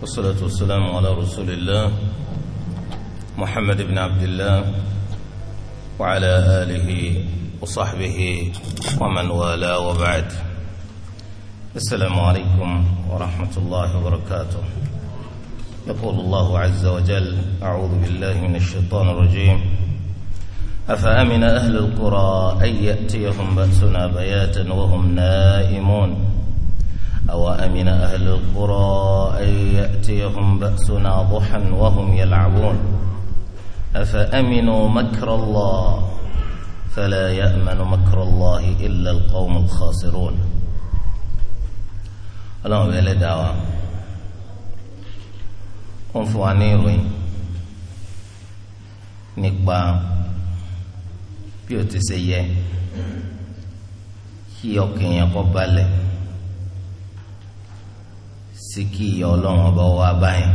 والصلاة والسلام على رسول الله محمد بن عبد الله وعلى آله وصحبه ومن والاه وبعد السلام عليكم ورحمة الله وبركاته يقول الله عز وجل أعوذ بالله من الشيطان الرجيم أفأمن أهل القرى أن يأتيهم بأسنا بياتا وهم نائمون أو أمن أهل القرى أن يأتيهم بأسنا ضحا وهم يلعبون أفأمنوا مكر الله فلا يأمن مكر الله إلا القوم الخاسرون اللهم بيلي دعوة wa نقبع ń fún wa يقبالي sí kí ìyà ọlọ́run ọba wá báyìí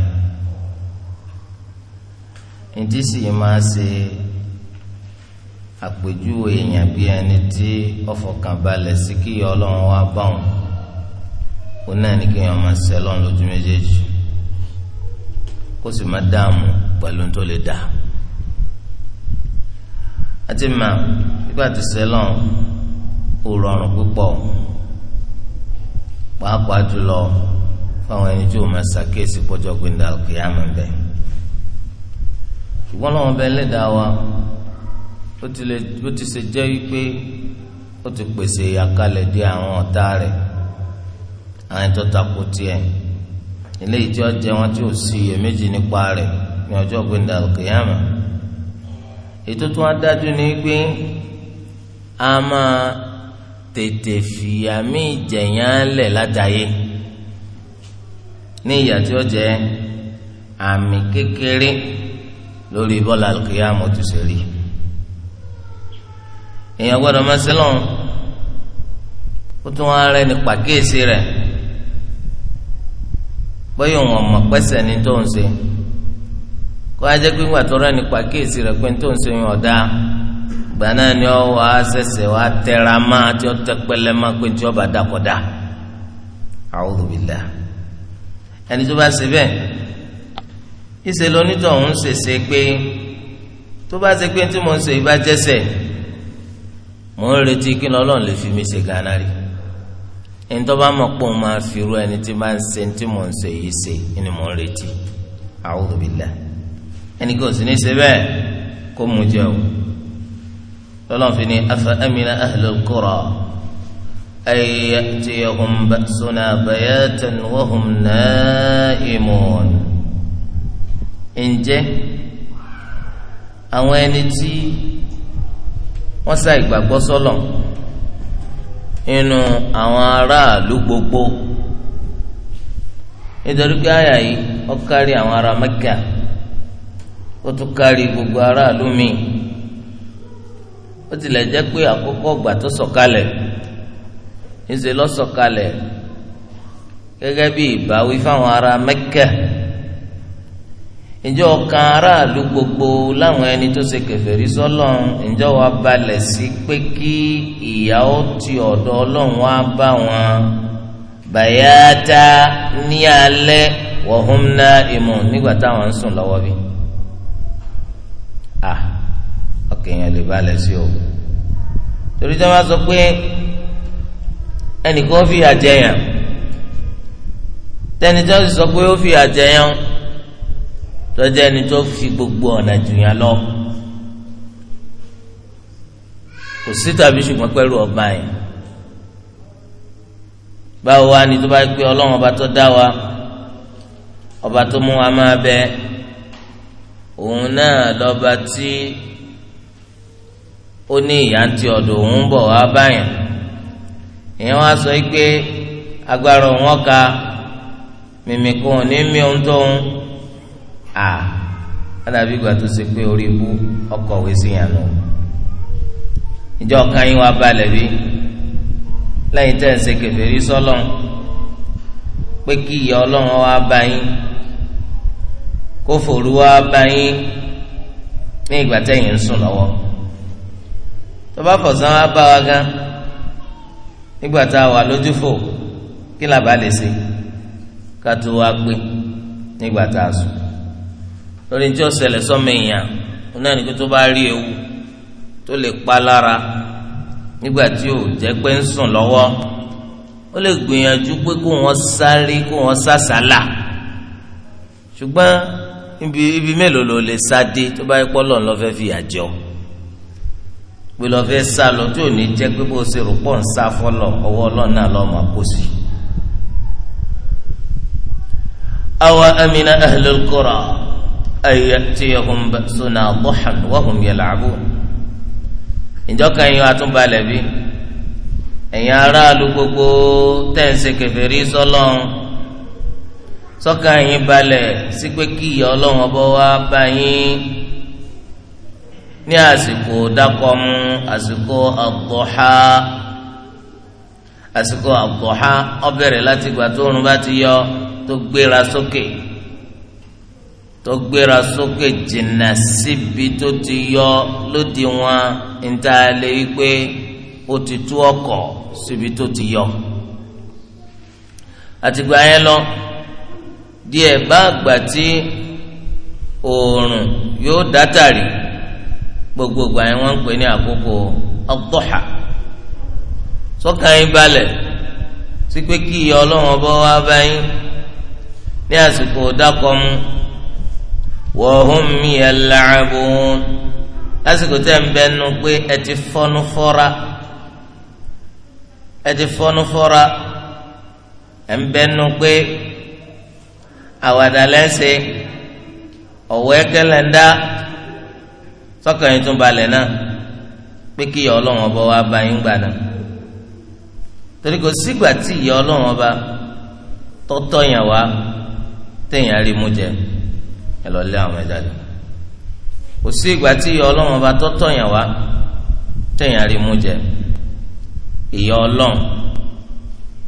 ntí sì máa ṣe àpèjúwe èèyàn bí ẹni tí ọfọkànbalẹ̀ sí kí ìyà ọlọ́run wá báwọn ó náà ní kéèyàn máa ṣe ọlọ́run lójú méjèèjì kó sì máa dààmú pẹ̀lú tó lè dà àti mà nígbà tí sẹlọ̀n ó rọrùn púpọ̀ pàápàá jùlọ. fáwọn ẹni tí o máa ṣàkíyèsí pọ́jọ́ pé ndà kìyàmù ń ṣùgbọ́n lọ́wọ́ bẹ́ẹ̀ wa ó ti ṣe jẹ́ wípé ó ti pèsè àkàlẹ̀ dé àwọn ọ̀tá rẹ̀ àwọn ẹni tako tiẹ̀ eléyìí tí jẹ wọn tí ò sí iyèméjì nípa rẹ̀ ní ọjọ́ pé ndà kìyàmù. ètò tó wá dájú ni pé a máa tètè fìyàmí ìjẹ̀yàn lẹ̀ látàyè. ní ìyà tí ó jẹ àmì kékeré lórí bọ́lá àlùkìyàmù tó ṣe rí èèyàn gbọ́dọ̀ máa ṣe lọ́hùn ó tún wá rẹ ní pàkíyèsí rẹ bóyá òun ọmọ pẹ́sẹ̀ ní tó ń ṣe kó a pé ìgbà tó rẹ ní pàkíyèsí rẹ pé tó ń ṣe yín ìgbà náà ni wa tẹra máa tí ó máa pé tí ó bá ẹni tó bá ṣe bẹ́ẹ̀ ìṣe lónítọ̀ ń ṣèṣe pé tó bá ṣe pé tí mo ń ṣe ìbá jẹ́sẹ̀ mo ń retí kí lọ́lọ́run lè fi mi ṣe gánà rí ẹni tó bá mọ̀ pé òun máa fi irú ẹni tí máa ń ṣe tí mo ń ṣe yìí ṣe ni mo ń retí a'udhu billah ẹni kò sì ní ṣe bẹ́ẹ̀ kó mu jẹ́ o lọ́lọ́run fi ní afa amina ahlul qura. أن يأتيهم بأسنا بياتا وهم نائمون ǹjẹ́ àwọn ẹni tí wọ́n sá ìgbàgbọ́ sọ́lọ̀ nínú àwọn aráàlú gbogbo nítorí pé àyà yìí ó kárí àwọn ará Mẹ́kà ó tún kárí gbogbo aráàlú míì ó tilẹ̀ jẹ́ pé àkọ́kọ́ ọgbà tó sọ̀kalẹ̀ so ńṣe lọ́sọ̀kalẹ̀ gẹ́gẹ́ bi ìbáwí fáwọn ará Mẹ́kà ǹjẹ́ ara aráàlú gbogbo láwọn ẹni tó ṣe kèfèrí sọ́lọ́run ìjọ wa balẹ̀ sí pé kí ìyàwó ti ọ̀dọ̀ ọlọ́run wá bá wọn bàyáta ní alẹ́ wọ̀hún ìmọ̀ nígbà táwọn ń sùn lọ́wọ́ bí. Ah, ọkàn yẹn lè balẹ̀ sí o ẹnìkan ó àjẹyàn tẹni tó sọ pé ó fi àjẹyàn tó jẹ́ ẹni tó fi gbogbo ọ̀nà jùyàn lọ kò sí tàbí ṣùgbọ́n pẹ̀lú ọba yẹn báwo wá ni tó bá pé ọlọ́run ọba tó dá wa ọba tó mú wa máa bẹ òun náà lọba tí ó ní òun bọ̀ wá ìyẹn wọn sọ pé agbára òun ọ̀ka mímí kò ní mí ohun tó ń à ádàbí ìgbà tó ṣe pé orí ibú ọkọ̀ òwe sí yàn nù ìjọ kan yín wá balẹ̀ bí lẹ́yìn tẹ́ ẹ̀ ṣe kèfèrí sọ́lọ́n pé kí ìyà ọlọ́run wá bá yín kó fòrú wá bá yín ní ìgbà tẹ́yìn ń sùn lọ́wọ́ tó bá fọ̀sán wá bá wa gan-an. nígbà tá a wà lójúfò kí la bá lè ṣe ká tó wá pé nígbà tá a sùn lórí tí ó ṣẹlẹ̀ sọ́mọ èèyàn náà ní kí tó bá rí ewu tó lè pa lára nígbà tí ò jẹ́ pé ń sùn lọ́wọ́ ó lè gbìyànjú pé kó wọ́n sáré kó wọ́n sàsálà ṣùgbọ́n ibi mélòó ló lè sá tó bá yẹ pọ́ lọ́n lọ́ fẹ́ fìyà jẹ pé lọ́ọ́ fẹ́ sá lọ tí ò ní jẹ́ pé bó ṣe rò pọ̀ ń sá fọ́lọ̀ ọwọ́ ọlọ́run náà lọ́ọ́ máa kó sí. awa amina ahlul qura ayyatiyahum ba'suna duhan wa hum yal'abun. ìjọ kan yín wàá tún balẹ̀ bí ẹ̀yin aráàlú gbogbo tẹ̀sí kẹfẹ́rí sọlọ́n sọ́kàn yín balẹ̀ sí pé kí ìyá ọlọ́run ọbọ̀ wá bá yín ní àsìkò dákọ̀mú àsìkò àbọ̀há àsìkò àbọ̀há ó bẹ̀rẹ̀ láti ìgbà tó oòrùn bá ti yọ tó gbéra sókè tó gbéra sókè jìnnà síbi tó ti yọ lódì wọn níta lè rí pé ó ti tú ọkọ̀ síbi tó ti yọ àtìgbà yẹn lọ díẹ̀ bá àgbà tí oòrùn yóò dátàrí. gbogbo ìgbà yẹn wọ́n ń pè ní àkókò ọdọha sọkàn yín balẹ̀ sí pé kí ìyá Ọlọ́run ọba wa bá yín ní àsìkò dákọmú wọhún mi ẹ làbùn lásìkò tẹ ń bẹnu pé ẹ ti fọnú ẹ ti fọnú fọ́ra ẹ ń pé àwàdà sọ́kàn yín tún balẹ̀ náà pé kí ìyá ọlọ́run ọba wa bá yín gbà náà torí kò sígbà tí ìyá ọlọ́run ọba tọ́tọ́ yàn wá téèyàn rí mú jẹ ẹ lọ lé àwọn ẹja lọ kò sígbà tí ìyá ọlọ́run ọba tọ́tọ́ yàn wá téèyàn rí mú jẹ ìyá ọlọ́run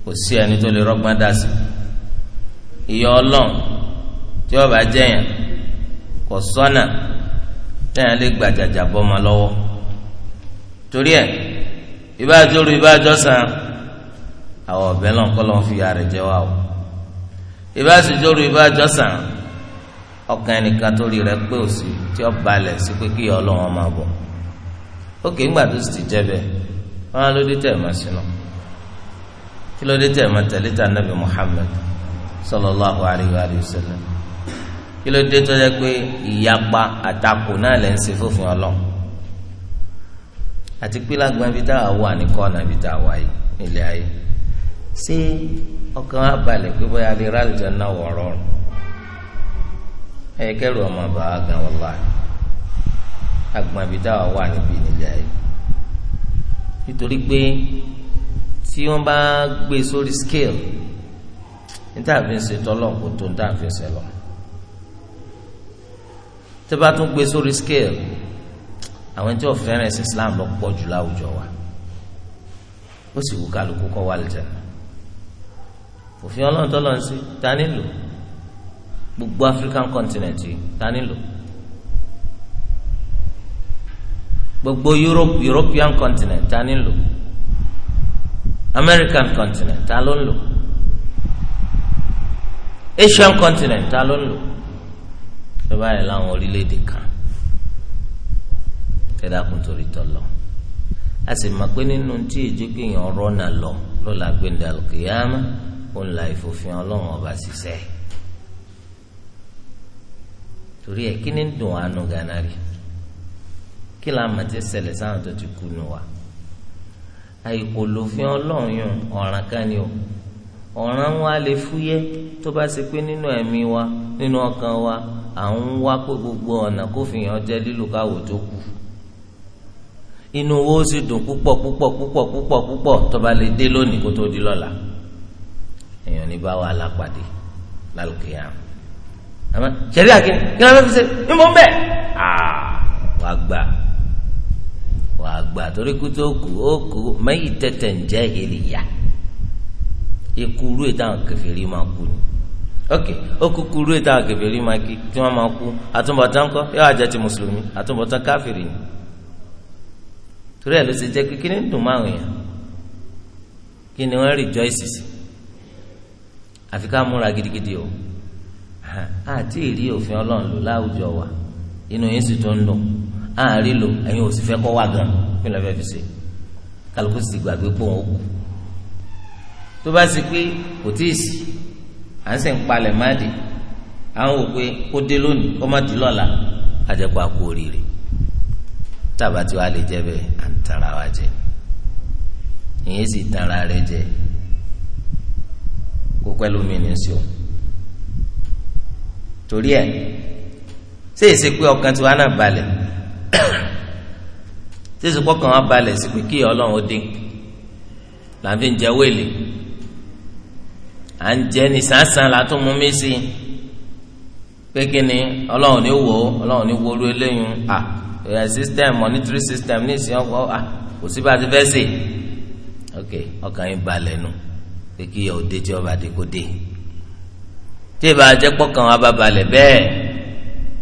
kò sí ẹni tó lè rọ́gbọ́n dá sí ìyá ọlọ́run tí ọba jẹ́yàn kò sọ́nà. So tẹ́yìn lè gba bọ́ ma lọ́wọ́ torí ẹ̀ ìbáàjọ́rú ìbáàjọ́sán àwọn ọ̀bẹ náà kọ́ fi ààrẹ jẹ wá o ìbáàsìjọ́rú ìbáàjọ́sán ọkàn ẹnìkan tó rí rẹ pé òsì tí ó balẹ̀ sí pé kí ọlọ́run máa bọ̀ tó sì ti jẹ bẹ́ẹ̀ wọn á ló dé tẹ̀ máa kí ló dé tẹ̀ máa tẹ̀lé alayhi wa kí ló dé tó yẹ pé ìyapa àtakò náà lè ń ṣe fòfin Ọlọ́run àti pé lágbọn ibi tá a wà ní kọ́ọ̀nà ibi tá a wà yìí nílé ayé ṣé ọkàn wa balẹ̀ pé bóyá lè rálẹ̀ jẹ́ náà wọ̀ rọrùn ẹ kẹ́rù ọmọ bàá gan wọlá àgbọn ibi tá a wà níbi nílé ayé nítorí pé tí wọ́n bá gbé e sórí scale ní tá a fi ń ṣe tọ́lọ̀ kó tó ní fi ń ṣe lọ́wọ́ tẹ́ bá tún gbé sórí scale àwọn tí wọ́n fẹ́ràn ẹ̀sìn Islam lọ pọ̀ jù láwùjọ wa ó sì wù kálukú kọ́ wà lìjà òfin ọlọ́run tó lọ́n sí ta nílò gbogbo African continent yìí ta nílò gbogbo Europe European continent ta nílò American continent ta ló ń lò Asian continent ta ló ń lò tó bá yẹ láwọn orílẹ̀-èdè kan ẹ̀dá kun torí tọ̀ lọ a sì mọ̀ pé nínú tí ìjókèèyàn rọ́nà lọ lọ́la gbẹ̀ndà kìyàmá òun là ìfòfin ọlọ́run ọba ṣiṣẹ́ torí ẹ kí ni dùn àánú gánà rí kí la mọ̀ tí ṣẹlẹ̀ sáwọn tó ti kú nu wa àìkòlófin ọlọ́run ọ̀ràn kan ni o ọ̀ràn wa lè fúyẹ́ tó bá ṣe pé nínú ẹ̀mí wa nínú ọkàn wa à ń wá pé gbogbo ọ̀nà kófìyàn jẹ́ lílù káwò tó kù inú owó sì dùn púpọ̀ púpọ̀ púpọ̀ púpọ̀ púpọ̀ tó bá lè dé lónìí kó tó di lọ́la èèyàn ní bá wà lápàdé lálùkìyà àmọ́ sẹ́rí àkínní kí ló fẹ́ fi ṣe ní mò ń bẹ̀ wà á gbà wà á gbà torí kú tó kù ó kù mẹ́yìí tẹ̀tẹ̀ ń jẹ́ èrè ikú rú ìtàn kẹfìrí máa kú ni ok ó kúkú rú ètò àgẹ̀bẹ̀rí máa kí tí wọ́n máa kú àtúbọ̀tán kọ́ yóò àjẹ́ ti mùsùlùmí àtúbọ̀tán káfìrì ni torí ẹ̀ ló ṣe jẹ́ pé kí ni ń dùn máa wìyàn kí ni wọ́n rejoice sí àfi ká múra gidigidi o àti ìrí òfin ọlọ́run lò láwùjọ wa inú yín sì tó ń lò àárín lò ẹ̀yin ò sì fẹ́ kọ́ wá gan kí ló fẹ́ fi ṣe kálukú sì gbàgbé pò ń kú tó bá sì pé kò tí ì sí à ń sìn palẹ̀ má wò pé kó dé lónìí kó má lọ́la tàbá tí wàá lè jẹ bẹ́ẹ̀ tara wa jẹ ìyẹn sì tara rẹ jẹ kó pẹ́lú mi ní sọ torí ẹ ṣé èsì pé ọkàn tiwa náà balẹ̀ ṣé èsì pọ́kàn wa balẹ̀ sí pé kí ọlọ́run ó làǹfin jẹ́ à ń jẹ ní sàǹsàn látún mú mi sí pé kí ni ọlọ́run ní wò ó ọlọ́run ní wọlú eléyìí à ẹ̀yà system monitory system ní ìsìn ọkọ̀ à kò sí bá a ti fẹ́ sè ok ọkàn yín balẹ̀ nu pé kí ìyà òde tí ọba dé dé tí ìbá jẹ́ pọ́kàn wa bá balẹ̀ bẹ́ẹ̀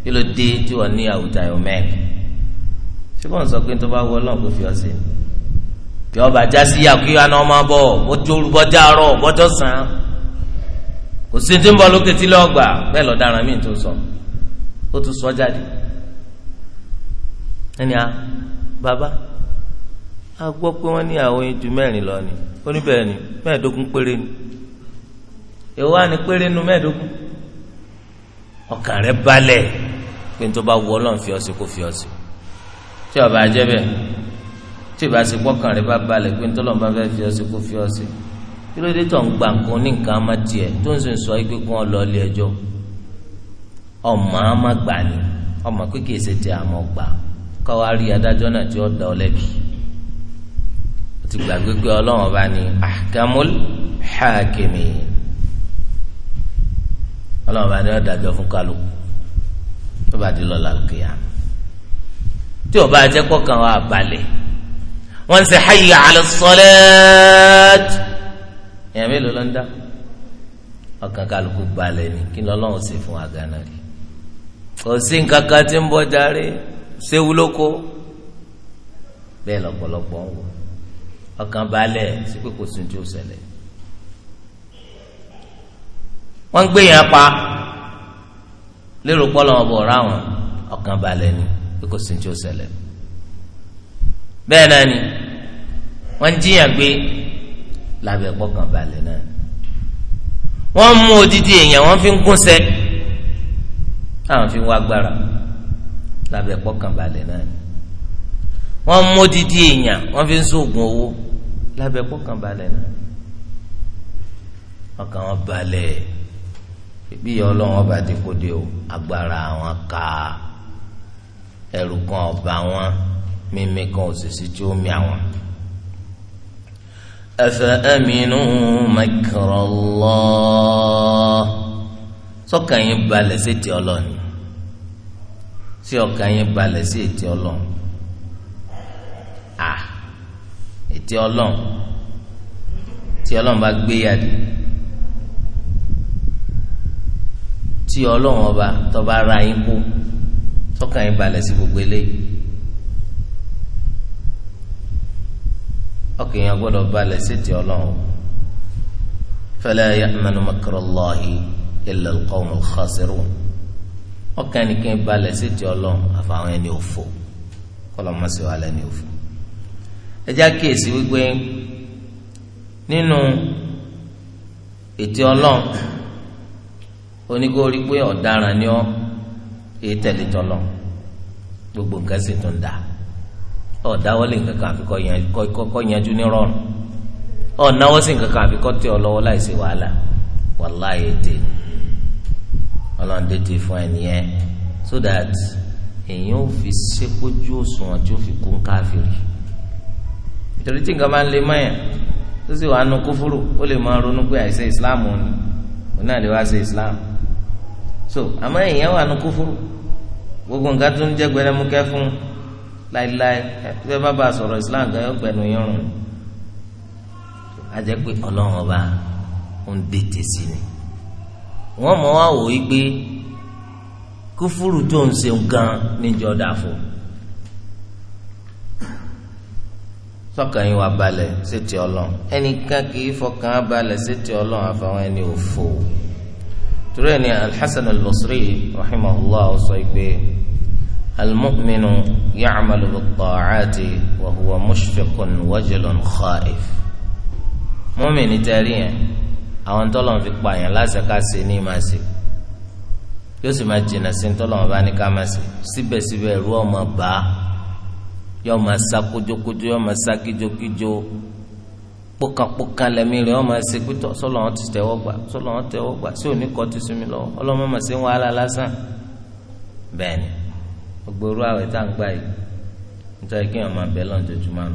kí ló dé tí wọ́n ní àwùjọ ayọ̀ mẹ́rin ṣé bọ́n sọ pé tó bá wọ ọlọ́run kò fi ọ sí i kí ọba já sí yà kí wọn ọmọ bọ̀ bọ́jọ́ olùbọ́jà rọ̀ bọ́jọ́ sàn án kò sí tí ń bọ̀ lókè tí lọ́gbà bẹ́ẹ̀ lọ dára mí tó sọ ó tún sọ jáde ẹni à bàbá a gbọ́ pé wọ́n ní àwọn oyin ju mẹ́rin lọ ni ó ní bẹ́ẹ̀ ni mẹ́ẹ̀ẹ́dógún péré ni èwo á ní péré nu mẹ́ẹ̀ẹ́dógún ọkàn rẹ balẹ̀ pé n tó bá wọ ọlọ́run fi ọsẹ kó fi ọsẹ tí ọba jẹ́ bẹ́ẹ̀ tí ìbá ṣe rẹ bá balẹ̀ pé n tó lọ́n bá fẹ́ fi ọsẹ kó fi ọsẹ kí ló dé tó ń gbà nǹkan ní nǹkan ama tiẹ̀ tó ń sìn sọ pé kó wọn lọ ilé ẹjọ́ ọmọ ama gbà ni ọmọ pé kìí ṣe tiẹ̀ àmọ́ gbà káwa rí adájọ́ náà tí ó da ọ lẹ́bi ó ti gbàgbé pé ọlọ́run ọba ni ahkamul hakimi ọlọ́run ọba ni ó fún kálukú tó bá di lọ́la kìíyà tí o bá jẹ́ kọ́kàn wa balẹ̀ wọ́n ń ṣe hayya ala salat èèyàn mélòó ló ń dá ọkàn kálukú balẹ̀ ni kí lọ́lọ́run ṣe fún agana rí kò sí nǹkan kan tí ń bọ́ darí séwu lóko bẹ́ẹ̀ lọ́pọ̀lọpọ̀ ń wò ọkàn balẹ̀ sí pé kò sí ní tí ó ṣẹlẹ̀ wọ́n ń gbé yẹn pa lérò pọ́lọ́ ọ̀bọ̀ ọ̀rá ọkàn balẹ̀ ni pé kò sí ní tí ó ṣẹlẹ̀ bẹ́ẹ̀ náà ni wọ́n ń jiyàn gbé lábẹ́ pọ́kàn balẹ̀ náà wọ́n mú odidi èèyàn wọ́n fi ń gúnṣẹ́ táwọn fi ń wá agbára lábẹ́ pọ́kàn balẹ̀ náà wọ́n mú odidi èèyàn wọ́n fi ń sóògùn owó lábẹ́ pọ́kàn balẹ̀ náà ọkàn wọn balẹ̀ bí ọlọ́run ọba ti kó de o agbára wọn ká ẹrù kan ọba wọn mímí kan òṣìṣẹ́ tí ó mí àwọn. أفأمنوا مكر الله sọkàn yín balẹ̀ sí ti ọlọ́ni sí ọkàn yín balẹ̀ sí ti ọlọ́ni à ti ọlọ́ni tí ọlọ́ni bá gbé yàdí tí ọba tọ́ba ara yín kú sọkàn yín balẹ̀ sí gbogbo eléyìí ọkàn yẹn gbọ́dọ̀ balẹ̀ sétí Ọlọ́run fala ya'manu makrallahi illa alqawmul khasirun ọkàn nìkan balẹ̀ sétí Ọlọ́run àfàwọn ẹni òfò kọlọmọsí wàhálà ẹni òfò ẹjẹ àkíyèsí wípé nínú ètí Ọlọ́run oníkórí pé ọ̀daràn ni ọ èyí tẹ̀lé gbogbo nǹkan sì tún dáa ọ̀ dáwọ́lé nǹkan kan àfi kọ́ yanjú ní rọrùn ọ̀ náwó sí nǹkan kan àfi kọ́ tẹ ọ lọ́wọ́ láì ṣe wàhálà wàláyé dé ọlọ́run dédé fún ẹni yẹn so that èyàn ò fi sékójú òṣùwọ̀n tí ó fi kún káfíìrì nítorí tí nǹkan máa ń lè mọ́yàn tó sì wàá nu kúfúrú ó lè máa ronú pé àìsè islam òun ni òun náà lè wá ṣe islam so àmọ́ èyàn wà nu kúfúrú gbogbo nǹkan tó ń jẹ́ gbẹdẹmukẹ́ fún un láéláé ẹ bá bá a sọ̀rọ̀ islam gan yóò gbẹnu yín rùn a jẹ́ pé ọlọ́run ọba ń dètè sí ni wọ́n mọ̀ wá wò yí pé kúfúrú tó ń ṣe gan níjọ́ dàfo sọ́kàn yín wà balẹ̀ sétí ọlọ́run ẹnìkan kì í fọkàn balẹ̀ sétí ọlọ́run àfàwọn ẹni òfò torí ẹni alḥasan al-basri rahimahullah sọ pé. المؤمن يعمل بالطاعات وهو مشفق وجل خائف مؤمن تاريا àwọn tọ́lọ̀ fi pa àyàn láṣẹ ká ṣe ní máa ṣe yóò sì máa jìnnà sí tọ́lọ̀ bá ní ká máa ṣe síbẹ̀síbẹ̀ ẹ̀rú ọmọ bá yóò máa sá kójókójó yóò máa sá kíjókíjó pókàpókà lẹ́mí rẹ̀ yóò máa ṣe pítọ́ sọ́lọ́ wọn ti tẹ́wọ́ gbà sọ́lọ́ wọn tẹ́wọ́ gbà sí òní kọ́ ti sinmi lọ́wọ́ ọlọ́mọ màá ṣe ń wàhálà lásán bẹ́ẹ̀ ni gbogbo awẹ tá à ń gbà yìí nítorí kí wọn máa bẹ lọ́njọ́júmọ́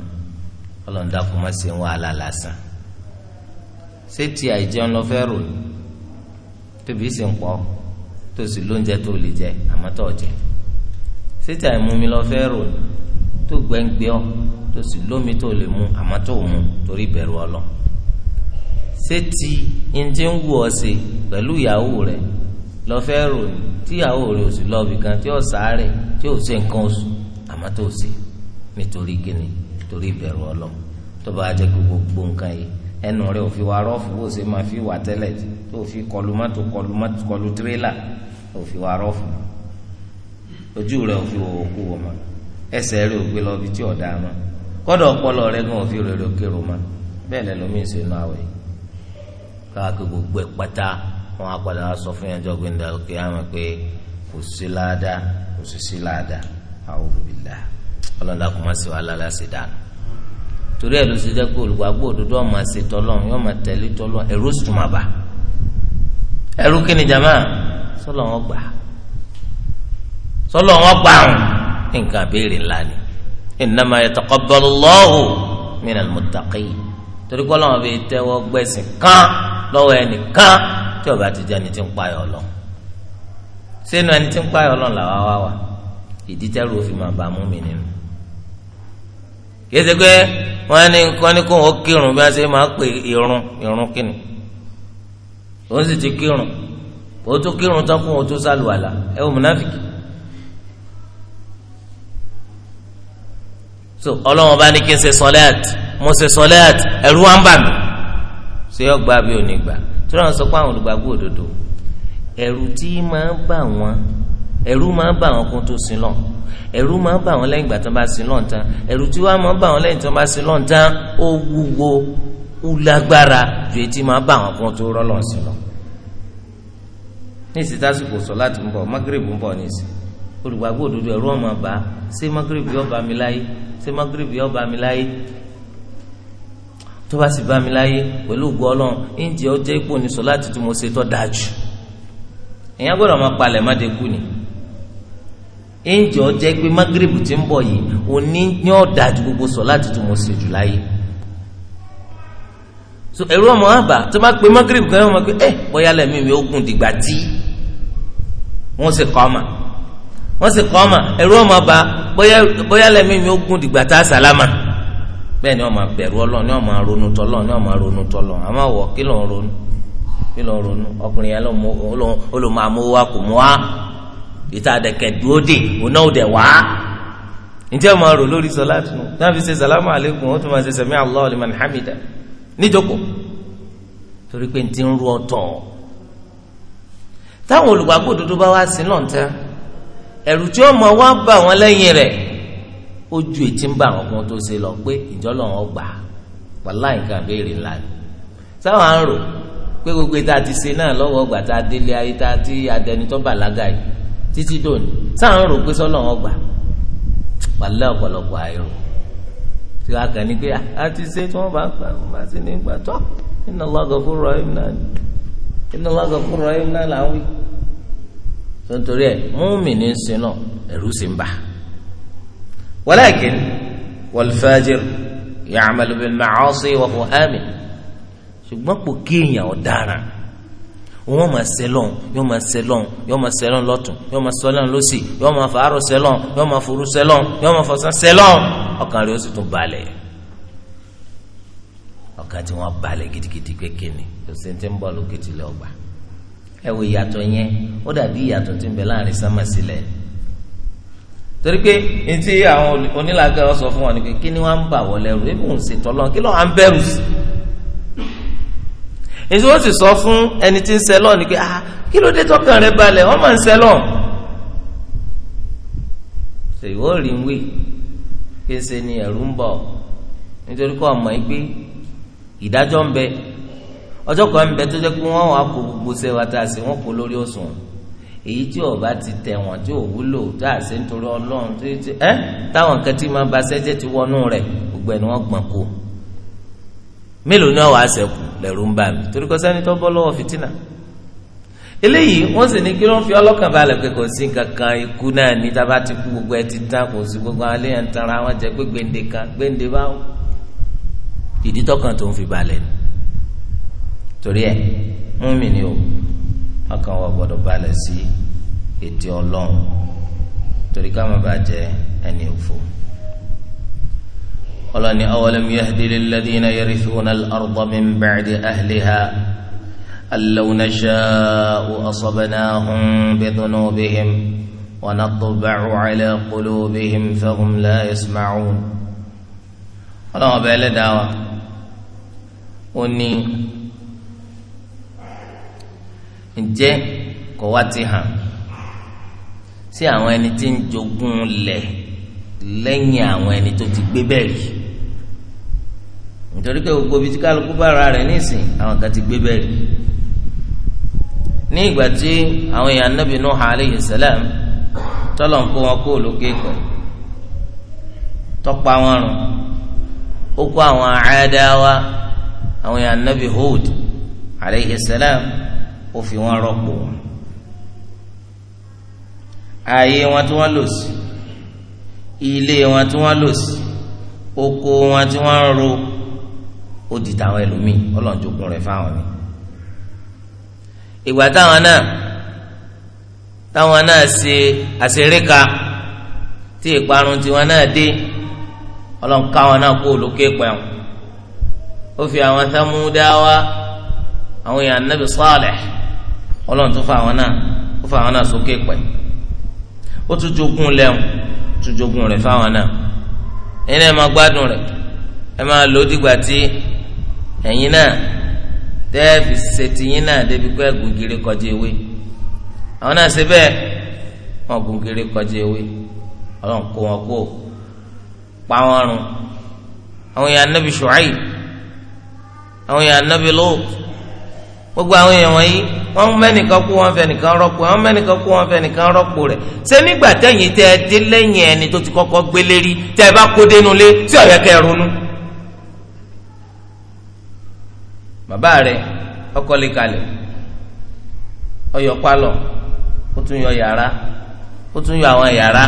nù má wàhálà lásán ṣé ti àìjẹun lọ fẹ́ tóbi sì ń pọ̀ tó lóúnjẹ tó lè jẹ àmọ́ tó jẹ ṣé ti tó gbẹ́ngbẹ́ ọ tó lómi tó mu àmọ́ tó mu torí ìbẹ̀rù ọlọ́ ṣé ti ẹni tí ń wù ọ ṣe pẹ̀lú lọ́fẹ́ rò ní tíyàwó rẹ̀ ò sí lọ́ọ̀bì kan tí ó sáré tí ó ṣe nǹkan oṣù àmọ́ tó ṣe nítorí kíni torí ìbẹ̀rù ọlọ́ tó bá jẹ́ pé gbogbo nǹkan yìí ẹnu rẹ̀ ò fi wá rọ́ọ̀fù bó ṣe máa fi wà tẹ́lẹ̀ tó fi kọlu mọ́tò kọlu mọ́tò kọlu tírélà ò fi wá rọ́ọ̀fù ojú rẹ̀ ò fi wò ó kú wò mọ́ ẹsẹ̀ rẹ̀ ò gbé lọ bí tí ò dáa mọ́ kọ́dọ̀ ọpọlọ rẹ̀ gan ò fi rèrè òkèrò mọ́ bẹ́ẹ̀ lẹ́nu mi ń ṣe nù àwẹ̀ káàkiri gbogbo ẹ̀ pátá wọn á padà wá sọ fún yẹn jọgbìn dàlùkì àmọ́ pé kò sí láàdá kò sì sí láàdá a'udhu billah ọlọ́dà kò má sí wàhálà láti dànù torí ẹ̀ ló ṣe jẹ́ pé olùgbàgbọ́ òdodo ọmọ ṣe tọ́lọ́ yóò máa tẹ̀lé tọ́lọ́ ẹ̀rú sì tún máa bà ẹ̀rú kí ni jama sọ́lọ́ wọn gbà sọ́lọ́ wọn gbà ń nǹkan àbẹ́rẹ́ ńlá ni innama yataqabbalu Allahu minal muttaqin torí kọ́ lọ́wọ́ bíi tẹ́wọ́ gbẹ̀sìn kán lọ́wọ́ ẹnìkan tí ọba ti jẹ́ ẹni tí ń payọ̀ ọlọ́run sínú ẹni tí ń payọ̀ ọlọ́run làwa wá wà ìdí tẹ́rù òfin máa bá mú mi nínú. kìí ṣe pé wọ́n ní nǹkan ní kó wọ́n kírun bí wọ́n ṣe máa pè irun irun kìnnì òun sì ti kírun òun tó kírun tán kó òun tó sálùwàlà ẹ wò múnáfìkì. so ọlọ́wọ́n bá ní kí n ṣe sọlẹ́ẹ̀tì mo ṣe sọlẹ́ẹ̀tì ẹ̀rú wa ń bà mí ṣé ọgbà bí ò ní gbà tí wọ́n sọ pé àwọn olùgbàgbọ́ òdodo ẹ̀rù tí máa bà wọ́n ẹ̀rù máa bà wọ́n kó tó sin lọ ẹ̀rù máa bà wọ́n lẹ́yìn ìgbà tó bá sin lọ tán ẹ̀rù tí wọ́n máa bà wọ́n lẹ́yìn tó bá sin lọ tán ó wúwo ó lágbára ju etí máa bà wọ́n kó tó rọlọ sin lọ. ní ìsìn tásìkò sọ láti ń bọ̀ magreth ń bọ̀ ní ìsìn olùgbàgbọ́ òdodo ẹ̀rù ọmọ bá ṣé magreth yóò bá mi láyé ṣé magreth yóò bá mi láyé tó bá sì bá mi láyé pẹ̀lú ògùn ọlọ́run ìǹjẹ́ ó jẹ́ ipò ní sọ́láàtì tí mo ṣe tó dáa jù èèyàn gbọ́dọ̀ máa palẹ̀ má de kú ni ìǹjẹ́ ó jẹ́ pé mágírìbù ń bọ̀ yìí òní ní ọ̀dà ju gbogbo sọ́láàtì tí mo ṣe jù láyé so ẹ̀rú ọmọ àbá tó bá pe mágírìbù kan yóò máa pe ẹ eh, bóyá lẹ́mí mi ó gùn dìgbà tí wọ́n sì kọ́ ọmọ wọ́n sì kọ́ ọmọ ẹ̀rú ọmọ àbá bóyá lẹ́mí mi ó dìgbà tá a sàlámà. bẹ́ẹ̀ ni wọ́n máa bẹ̀rù ọlọ́run ni wọ́n máa ronú tọ́lọ́ ni wọ́n máa ronú tọ́lọ́ àmọ́ wọ̀ kí ronú kí ronú ọkùnrin yẹn ló máa mú wa kò mú wa ìta àdẹ̀kẹ̀ dúró dè òun náà wá. ǹjẹ́ wọ́n máa rò lórí sọláàtì nù náà fi ṣe sàlámù tún hamida níjókòó torí pé n ti ń ru táwọn olùgbàgbọ́ òdodo bá wá sí náà ń tẹ́ ẹ̀rù tí máa wá ó ju ètí ń bá àwọn ọkùnrin tó ṣe lọ pé ìjọlọ wọn gbà wàláì nǹkan béèrè ńlá ni sáwọn à ń rò pé gbogbo ètò àti ṣe náà lọ́wọ́ ọgbà tá a délé ayé tá a ti adẹni tó bàlágà yìí títí dòní sáwọn à ń rò pé sọlọ wọn gbà wàláì ọ̀pọ̀lọpọ̀ àìrò tí wàá kàn ní pé àti ṣe tí wọ́n bá gbà wọ́n bá ti ní gbà tọ́ inna Allahu ghafurur rahim náà ni inna Allahu ghafurur rahim náà làwọn wí. ولكن والفاجر يعمل بالمعاصي وهو آمن ṣùgbọ́n kò kéèyàn ọ̀daràn wọ́n máa sẹ́lọ̀n yóò máa sẹ́lọ̀n yóò máa sẹ́lọ̀n lọ́tún yóò máa sẹ́lọ̀n lọ́sì yóò máa fàárọ̀ sẹ́lọ̀n yóò máa forú sẹ́lọ̀n yóò máa fọ̀sán sẹ́lọ̀n ọkàn rẹ̀ ó sì tún balẹ̀ ọkàn tí wọ́n balẹ̀ gidigidi kékeré ni kò sí ń bọ̀ lókè tilẹ̀ ọgbà ẹ wo ìyàtọ̀ yẹn ó dàbí ìyàtọ̀ tí ń bẹ láàrin sámà torí pé etí àwọn onílàgà sọ fún wọn ni pé kí ni wọn ń bà wọlé ẹrù ebi òun ṣètò Ọlọ́run kí ló à ń bẹ̀rù sí èsì wọn sì sọ fún ẹni tí ń sẹlọ ni pé ah kí ló dé tọkàn rẹ balẹ̀ wọn máa ń sẹlọ ṣèwọ rí ń wí pé ṣe ni ẹrù ń bọ̀ nítorí kọ́ ọmọ yìí pé ìdájọ́ ń bẹ ọjọ́ kan ń bẹ tó jẹ́ pé wọ́n wà kó gbogbo ṣe wa tá a ṣe kó lórí òṣùwọ̀n èyí tí ọba ti tẹ̀ wọ́n tí ò tá a ṣe ń torí ọlọ́run tó ti ẹ́ táwọn kan tí máa ba sẹ́jẹ́ ti wọnú rẹ̀ gbogbo ẹ̀ ni wọ́n gbọ̀n kú mélòó ni ọwọ́ àṣẹkù lẹ́rù ń bà mí torí kọ́ sẹ́ni tó bọ́ lọ́wọ́ fìtínà eléyìí wọ́n sì ní kí ló ń fi ọlọ́kàn balẹ̀ pé kò sí kankan ikú náà ní tábà ti kú gbogbo ẹ ti tán kò sí gbogbo àwọn aléyàn ń tanra wọn jẹ pé gbèǹde kan gbèǹde báwo ìdí tọkàn tó ń fi balẹ̀ ni torí ẹ mú ni o ọkàn wa gbọ́dọ̀ balẹ̀ sí ètè Ọlọ́run torí ká má bàa jẹ ẹni òfò. ọlọ́ni awalam yahdi lilladhina yarithuna al-arda min ba'di ahliha an law nasha'u asabnahum bidhunubihim wa natba'u ala qulubihim fahum la yasma'un. ọlọ́wọ́n bẹ́ẹ̀ lẹ́dàá wa ó ní ǹjẹ́ kò wá ti hàn sí àwọn ẹni tí ń jogún lẹ̀ lẹ́yìn àwọn ẹni tó ti gbé bẹ́ẹ̀ rí nítorí pé gbogbo ibi tí kálukú bára rẹ̀ nísìn àwọn kan ti gbé bẹ́ẹ̀ rí ní ìgbà tí àwọn èèyàn Ànábì Nuh alayhi salam tọ́lọ̀ ń kó wọn kó olókè pẹ̀ tọ́pa wọn rùn ó kó àwọn àádáwa àwọn èèyàn Ànábì Hud alayhi salam ó fi wọn rọ́pò wọn ààyè wọn tí wọ́n lò sí ilé wọn tí wọ́n lò sí oko wọn tí wọ́n ń ro ó di tàwọn ẹlòmíì ọlọ́njọ́kùn rẹ̀ fáwọn ni ìgbà táwọn náà táwọn náà ṣe àṣeréka tí ìparun tiwọn náà dé ọlọ́run káwọn náà kó olókè pẹ̀wọ̀n ó fi àwọn sámúdáwá àwọn èèyàn Nabi Saleh ọlọ́run tó fa àwọn náà ó fa àwọn náà sókè pẹ̀ ó tún jogún lẹ́hùn tún jogún rẹ̀ fáwọn náà ẹ̀yin náà ẹ máa gbádùn rẹ̀ ẹ máa lò ó dìgbà tí ẹ̀yin náà tẹ́ẹ̀fì ṣètìyín náà débi pé ẹ̀gùn gírí kọjá ewé àwọn náà ṣe bẹ́ẹ̀ wọn gùn gírí kọjá ewé ọlọ́run kó wọn kó pa wọn run àwọn èèyàn anábì Shuaib àwọn èèyàn anábì Lut gbogbo àwọn èèyàn wọ̀nyí wọ́n mẹ́nìkan kú wọ́n fẹ́nìkan rọ́pò wọ́n mẹ́nìkan kú wọ́n fẹ́nìkan rọ́pò rẹ̀ ṣé nígbà tẹ̀yìn tẹ́ ẹ dé lẹ́yìn ẹni tó ti kọ́kọ́ gbélé rí tẹ́ ẹ bá kó dénú lé tí ọ̀yẹ́ kẹ́ ẹ ronú. bàbá rẹ̀ ọkọlẹ̀ kalẹ̀ ọyọ palọ̀ ó tún yọ yàrá ó tún yọ àwọn yàrá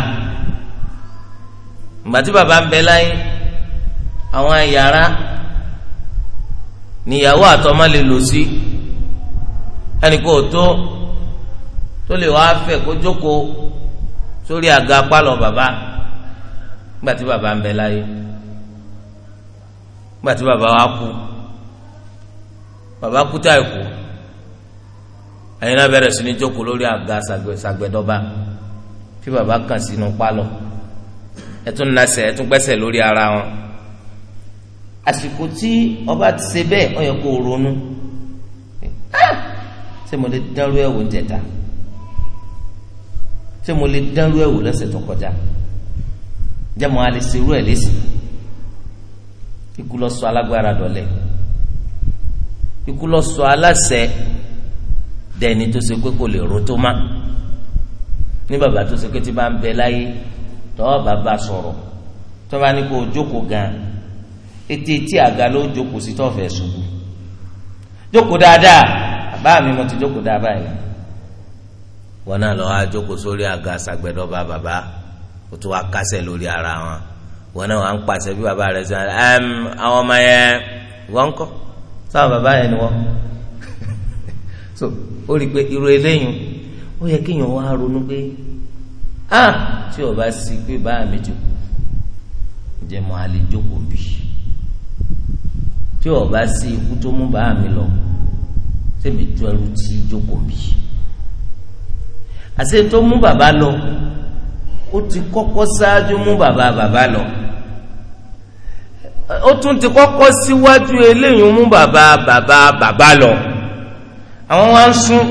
ìgbà tí bàbá ń bẹ láyé àwọn yàrá níyàwó àtọmọ lè lò sí. Si ẹnì kò tó tó lè wá fẹ́ kó jókòó sórí àga pálọ̀ bàbá nígbà tí bàbá ń bẹ láyé nígbà tí bàbá wa kú bàbá kú táì kú ẹ̀yin náà bẹ̀rẹ̀ sí ní jókòó lórí àga sàgbẹ̀dọ́ba tí bàbá kàn sínú pálọ̀ ẹtún nasẹ̀ ẹtún gbẹ́sẹ̀ lórí ara wọn àsìkò tí ọba ti ṣe bẹ́ẹ̀ ó yẹ ronú. Ah! ṣé mo lè dánrú ẹ̀wò ń jẹta ṣé mo lè dánrú ẹ̀wò lọ́sẹ̀ tó kọjá jẹ́ mo alẹ́ ṣerú ẹ̀ lẹ́sìn ikú lọ sọ alágbára dọ̀lẹ́ ikú lọ sọ aláṣẹ dẹni tó ṣe pé kò lè ro tó má ní bàbá tó ṣe pé tí bá ń bẹ láyé tọ́ bàbá sọ̀rọ̀ tó bá ní kó o jókòó gan etí etí àga ló jókòó sí tó ṣubú jókòó dáadáa bàbá mi mo ti jókòó dá báyìí wọn náà lọ wá jókòó sórí àga sàgbẹdọba bàbá o tún wá kásẹ̀ lórí ara wọn wọn náà wà ń pàṣẹ bí bàbá rẹ sọ àwọn ọmọ yẹn wọn kọ sáwọn bàbá yẹn ni wọn so ó rí i pé irú eléyìí ó yẹ kéèyàn wá ronú pé ah tí o bá sí pé báyà méjì kú jẹ mọ alẹ jókòó bì tí o bá sí ikú tó mú báyà mi lọ tèmi tó ẹrú tí jókòó bì àti tó mú bàbá lọ ó ti kọ́kọ́ ṣáájú mú bàbá bàbá lọ ó tún ti kọ́kọ́ síwájú eléyìí mú bàbá bàbá bàbá lọ àwọn wa ń sún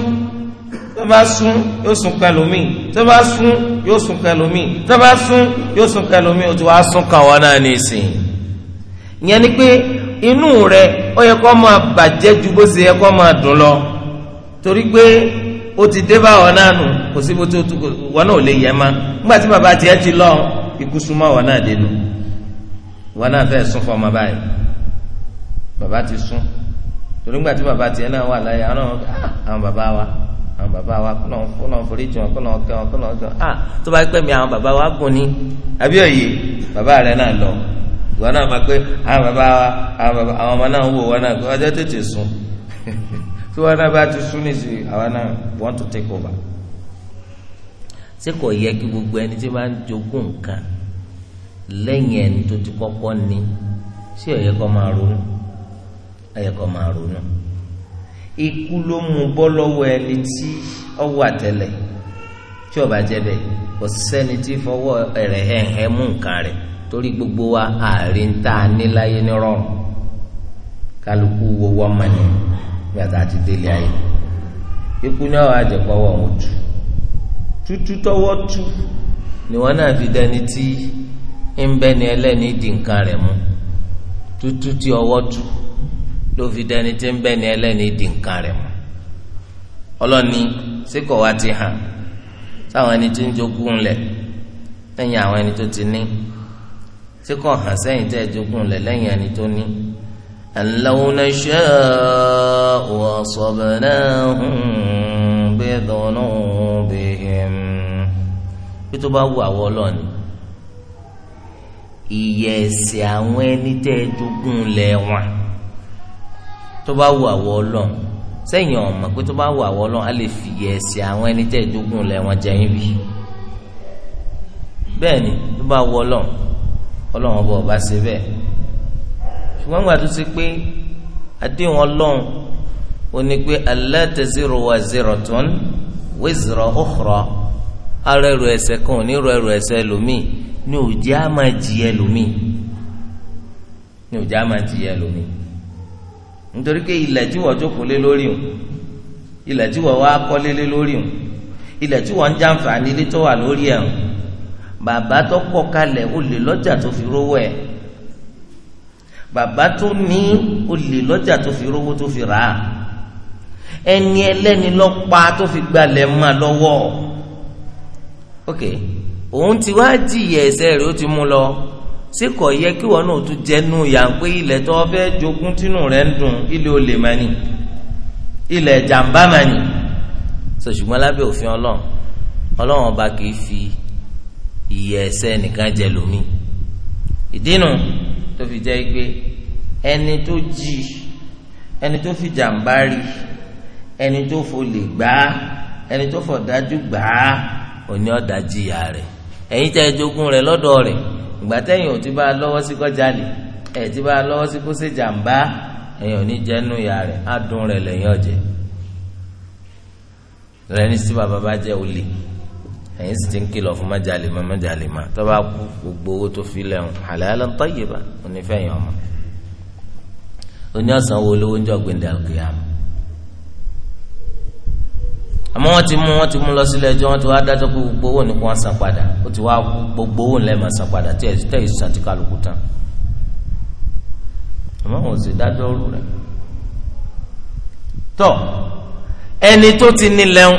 tó bá sún yóò sún kẹlòmíì tó bá sún yóò sún kẹlòmíì tó bá sún yóò sún kẹlòmíì ó ti wá sún kàwọn náà ní yẹn ni pé inú rẹ ó yẹ kó máa bàjẹ́ ju bó ṣe yẹ kó máa dùn lọ torí pé ó ti dé báwọn náà nù kò síbi tó wọn náà ò yẹ ma nígbà tí bàbá tiẹ̀ ti lọ ikú súnmọ́ wọn náà dénú wọn náà fẹ́ sún fọmọ báyìí bàbá ti sún torí nígbà tí bàbá tiẹ̀ náà wà láyé àwọn ah, bàbá wa àwọn bàbá wa ah, tó bá pẹ́ mi àwọn wa gùn bàbá lọ ìwọ náà máa pé àwọn bàbá wa àwọn ọmọ náà wò wọn náà pé ọjọ́ tètè sùn tí wọn náà bá ti sùn àwọn náà want to take over. gbogbo ẹni tí máa ń jogún nǹkan lẹ́yìn ẹni tó ti kọ́kọ́ ní ṣé ó ma ruru máa ronú ó yẹ máa ronú ikú ló mú bọ́ lọ́wọ́ ẹni tí ọwọ́ àtẹlẹ̀ tí ọba bá bẹ́ẹ̀ kò sẹ́ni torí gbogbo wa ààrẹ ń tà níláyé ní rọrùn kálukú wo wọ́n mọ̀ ní gbàtà àti délé ayé ikú ní àwọn tọwọ́ ni wọn náà fi dẹni tí ń bẹ ni ẹlẹ́ni di nǹkan rẹ̀ mú ọwọ́ ló fi dẹni tí ń bẹ ẹlẹ́ni di nǹkan ti hàn sáwọn ẹni tí ń tí kò hàn sẹ́yìn tẹ́ ẹ jogún lẹ̀ lẹ́yìn ẹni tó ní. an law nasha'u asabnahum bi dhunubihim bí tó bá wù àwọ ọlọ́ọ̀ni ìyẹ̀ ẹ̀ṣẹ̀ àwọn ẹni tẹ́ ẹ jogún lẹ̀ wọn tó bá wù àwọ ọlọ́ọ̀ni sẹ́yìn ọ̀mọ̀ pé tó bá wù àwọ ọlọ́ọ̀ni a lè fìyẹ̀ ẹ̀ṣẹ̀ àwọn ẹni tẹ́ jogún lẹ̀ wọn jẹ́yìn bì bẹ́ẹ̀ ni tó bá wù ọlọ́ọ̀ni ọlọ́run ọba ọba ṣe bẹ́ẹ̀ ṣùgbọ́n gbà tó ṣe pé àdéhùn ọlọ́run ó ní pé alla taziru waziratun wizra ukhra ara ẹrù ẹ̀ṣẹ̀ kan ò ní rọ ẹrù ẹ̀ṣẹ̀ ẹlòmíì ní òjì á máa jìyà ẹlòmíì ní òjì á máa jìyà ẹlòmíì nítorí pé ilẹ̀ tí wọ́n jókòó lé lórí o ilẹ̀ tí wọ́n wá kọ́lé lé lórí o ilẹ̀ tí wọ́n ń jàǹfààní lé tó wà lórí ẹ̀ bàbá tó kọ́ kalẹ̀ olè lọ́jà tó fi rówó ẹ̀ bàbá tó ní olè lọ́jà tó fi rówó tó fi rà á ẹni ẹlẹ́ni ló pa tó fi gbalẹ̀ mọ́ lọ́wọ́ ok òun ti wá jìyà ẹ̀ṣẹ̀ rẹ̀ ó ti mú lọ ṣé kò yẹ kí wọn náà tún jẹnu yà ń pé ilẹ̀ tó fẹ́ jogún tínú rẹ̀ ń dùn ilé olè mà ní ilẹ̀ jàǹbá mà ní sọ lábẹ́ òfin ọlọ́run ọlọ́run ọba kì í fi ìyẹ ẹsẹ nìkan jẹ lómi ìdínú tó fi jẹ́ pé ẹni tó jì ẹni tó fi jàǹbá rí ẹni tó fò lè gbá ẹni tó fò dájú gbá òní ọ̀dà jìyà rẹ̀ ẹ̀yin tẹ́ ẹ jogún rẹ̀ lọ́dọ̀ rẹ̀ ìgbà tẹ́yìn ò ti bá a lọ́wọ́ sí kọjá lè ti bá a lọ́wọ́ sí kó ṣe jàǹbá ẹ̀yìn òní jẹ́nu ìyá rẹ̀ á dùn rẹ̀ lẹ́yìn ọ̀jẹ̀ rẹ̀ ní bàbá bá jẹ́ olè ẹ̀yin sì ti ń kìlọ̀ fún májàlè má májàlè má tó bá kú gbogbo owó tó fi lẹ́hùn halalan tayyiba onífẹ̀yìn ọmọ oní ọ̀sán wo olówó ń jọ gbẹ̀ndẹ̀ àlùkìyàmù àmọ́ wọ́n ti mú wọ́n ti mú lọ sílé ẹjọ́ wọ́n ti wá dájọ́ pé gbogbo owó nìkan san padà ó ti wá gbogbo owó nílẹ̀ máa san padà tí ẹ̀sìn tẹ̀yìn sàn ti kálukú tán àmọ́ wọn ò dájọ́ rú rẹ̀ tọ́ ẹni tó ti nílẹ̀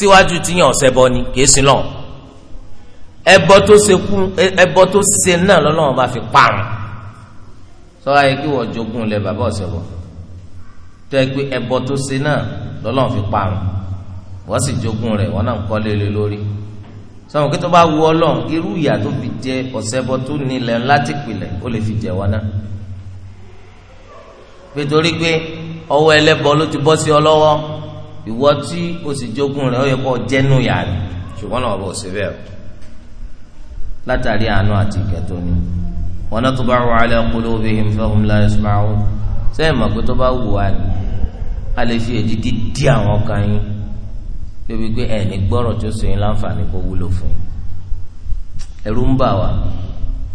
síwájú tiyàn ọ̀sẹ̀ bọ ni kì í sin lọ́wọ́ ẹbọ tó ṣe kú ẹbọ tó ṣe náà lọ́lọ́wọ́ bá fi parun sọ́wọ́ ayé kí wọ́n jogún lẹ bàbá ọ̀sẹ̀ bọ̀ tó ẹ pé ẹbọ tó ṣe náà lọ́lọ́wọ́ fi parun wọ́n sì jogún rẹ̀ wọ́n náà ń kọ́lé lé lórí sọ́wọ́n kí tó bá wù Ọlọ́run irú ìyà tó fi jẹ ọ̀sẹ̀ bọ tó nílẹ̀ láti pilẹ̀ ó lè fi jẹ wọn náà pé torí pé ọwọ́ ẹlẹ́bọ ló ti bọ́ sí ọ lọ́wọ́ ìwọ tí o sì jogún rẹ̀ ó yẹ kó jẹ́nu yà rẹ̀ ṣùgbọ́n náà bọ̀ sí bẹ́ẹ̀ látàrí àánú àti ìkẹtọ ni wọn náà tó bá wà ala qulubihim fahum la yasma'un sẹ́yìn mọ̀ pé tó bá wù wá ni a lè fi èdè dídí àwọn kan yín débi pé ẹni gbọ́rọ̀ tó sọ láǹfààní kó wúlò fún yín ń bà wá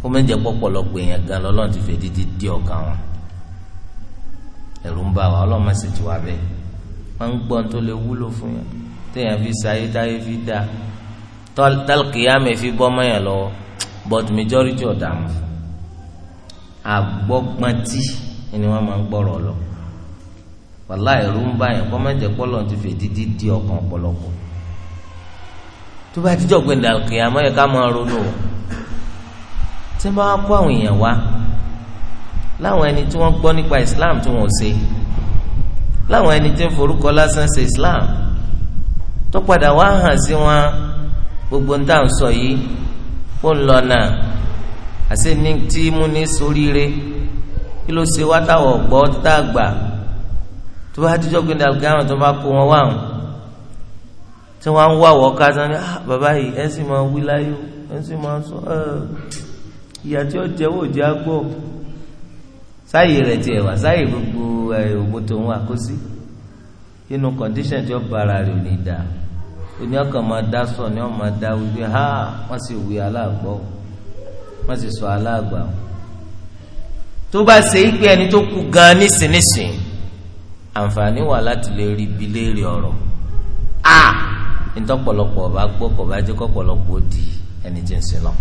ó méje pọ̀pọ̀lọpọ̀ èèyàn gan lọ́lọ́run ti fi èdè dídí ọkàn wọn ẹ̀rù ń bà wá ọlọ́run sì ti wá bẹ́ẹ̀ wọn ń gbọ́n tó lè wúlò fún yẹn téèyàn fi ṣayé táyé fi dá tálkìyàmẹ fi bọ́ mọ́yàn lọ́wọ́ but majority ọ̀dà mọ́ àgbọ́gbọ́ntì ni wọ́n máa ń gbọ́rọ̀ lọ wàlá ẹ̀rú ń bá yẹn kọ́ má jẹ́ pọ́lọ́ ti fi dídí di ọkàn ọ̀pọ̀lọpọ̀ tó bá ti jọ̀gbìn tálkìyàmọ́ yẹ ká máa ronú o tí wọ́n bá kó àwọn èèyàn wá láwọn ẹni tí wọ́n gbọ́ nípa Islam tí wọ́n ṣe láwọn ẹni tí ń forúkọ lásán ṣe islam tó padà wá hàn sí wọn gbogbo ń tà ń sọ yìí ó ń lọ náà àṣẹ ní tí mú ní soríire kí ló ṣe wá táwọn ọ̀gbọ́ tá a gbà tó bá dijọ́ gbé dàgbàrún tó bá kó wọn wá wọn tí wọn wá wọ ká sọ ni ah, bàbá yìí ẹ sì máa wí láyé ẹ sì máa sọ ẹ tí ó jẹ́wọ́ jẹ́ àgbọ̀ sáyè rẹ̀ tiẹ̀ wá sáyè gbogbo ògbótò òun àkóso inú kọ̀ǹdíṣàn tí ó bára rẹ̀ ò ní dà ó ní ọkàn máa dá sọ ní ọkàn dá wípé ha wọ́n sì wí aláàgbọ́ wọ́n sì sọ aláàgbà tó bá ṣe é pé ẹni tó kú gan nísinsìnyí àǹfààní wà láti lè rí ibi léèrè ọ̀rọ̀ a ntọ́pọ̀lọpọ̀ ọba gbọ́ kọ̀ bá jẹ́ kọ́pọ̀lọpọ̀ di ẹni tí ń sin lọ.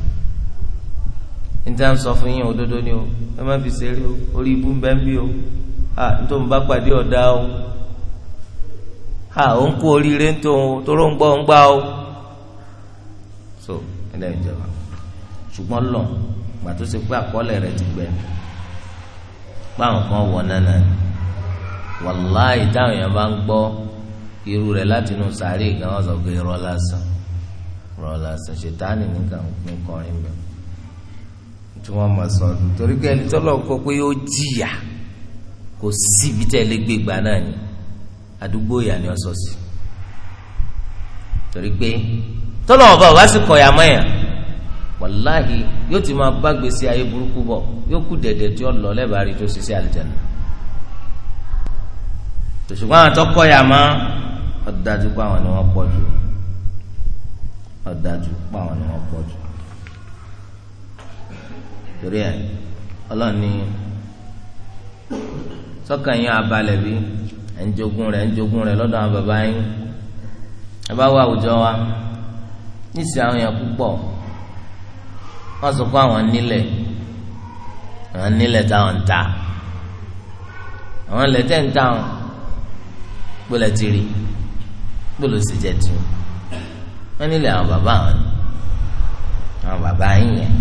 níta ń sọ fún yín òdodo ni o ẹ má fi ṣeré o orí ibú ń bẹ́ bí o à nítorí mo bá pàdé ọ̀dà o à ah, ó ń kú oríire tó o tó ń gbọ́ ń gbá o so ẹlẹ́yìn ìjọba ṣùgbọ́n lọ gbà tó ṣe pé àkọọ́lẹ̀ rẹ̀ ti gbẹ báwọn kan wọ̀ nánà ni wàláì táwọn èèyàn bá ń gbọ́ irú rẹ̀ láti inú sàárè gan wọn sọ pé irọ́ lásán irọ́ lásán ṣètánì nìkan ń kọrin bẹ́ẹ̀ tí wọ́n máa sọ ọdún torí pé ẹni tọ́lọ̀ kọ pé yóò jìyà kò síbi tẹ́ lé gbégbá náà ni àdúgbò ìyá ni ọ̀sọ̀ sí torí pé tọ́lọ̀ ọba ọba sì kọ̀ ya mọ́yà wàláhì yóò ti máa bá gbèsè ayé burúkú bọ̀ yóò kú dẹ̀dẹ̀ tí ó lọ lẹ́bàá rí tó ṣiṣẹ́ àlùjánnà tòṣùgbọ́n àwọn tọ́kọ̀ ya mọ́ ọ̀dájú pé àwọn ni wọ́n pọ̀ jù ọ̀dájú pé àwọn ni wọ́n pọ̀ jù torí ẹ̀ ọlọ́ọ̀ni sọ́kàn yín abalẹ̀ bí ẹ̀ ń jogún rẹ̀ ń jogún rẹ̀ lọ́dọ̀ àwọn bàbá yín ẹ bá wá àwùjọ wa níṣẹ́ àwọn èèyàn púpọ̀ wọ́n sọ pé àwọn nílẹ̀ àwọn nílẹ̀ táwọn ń ta àwọn ilẹ̀ ń ta wọn ti rí gbọ́dọ̀ sì jẹ́ tiwọn wọ́n nílẹ̀ àwọn bàbá àwọn ni àwọn bàbá yín yẹn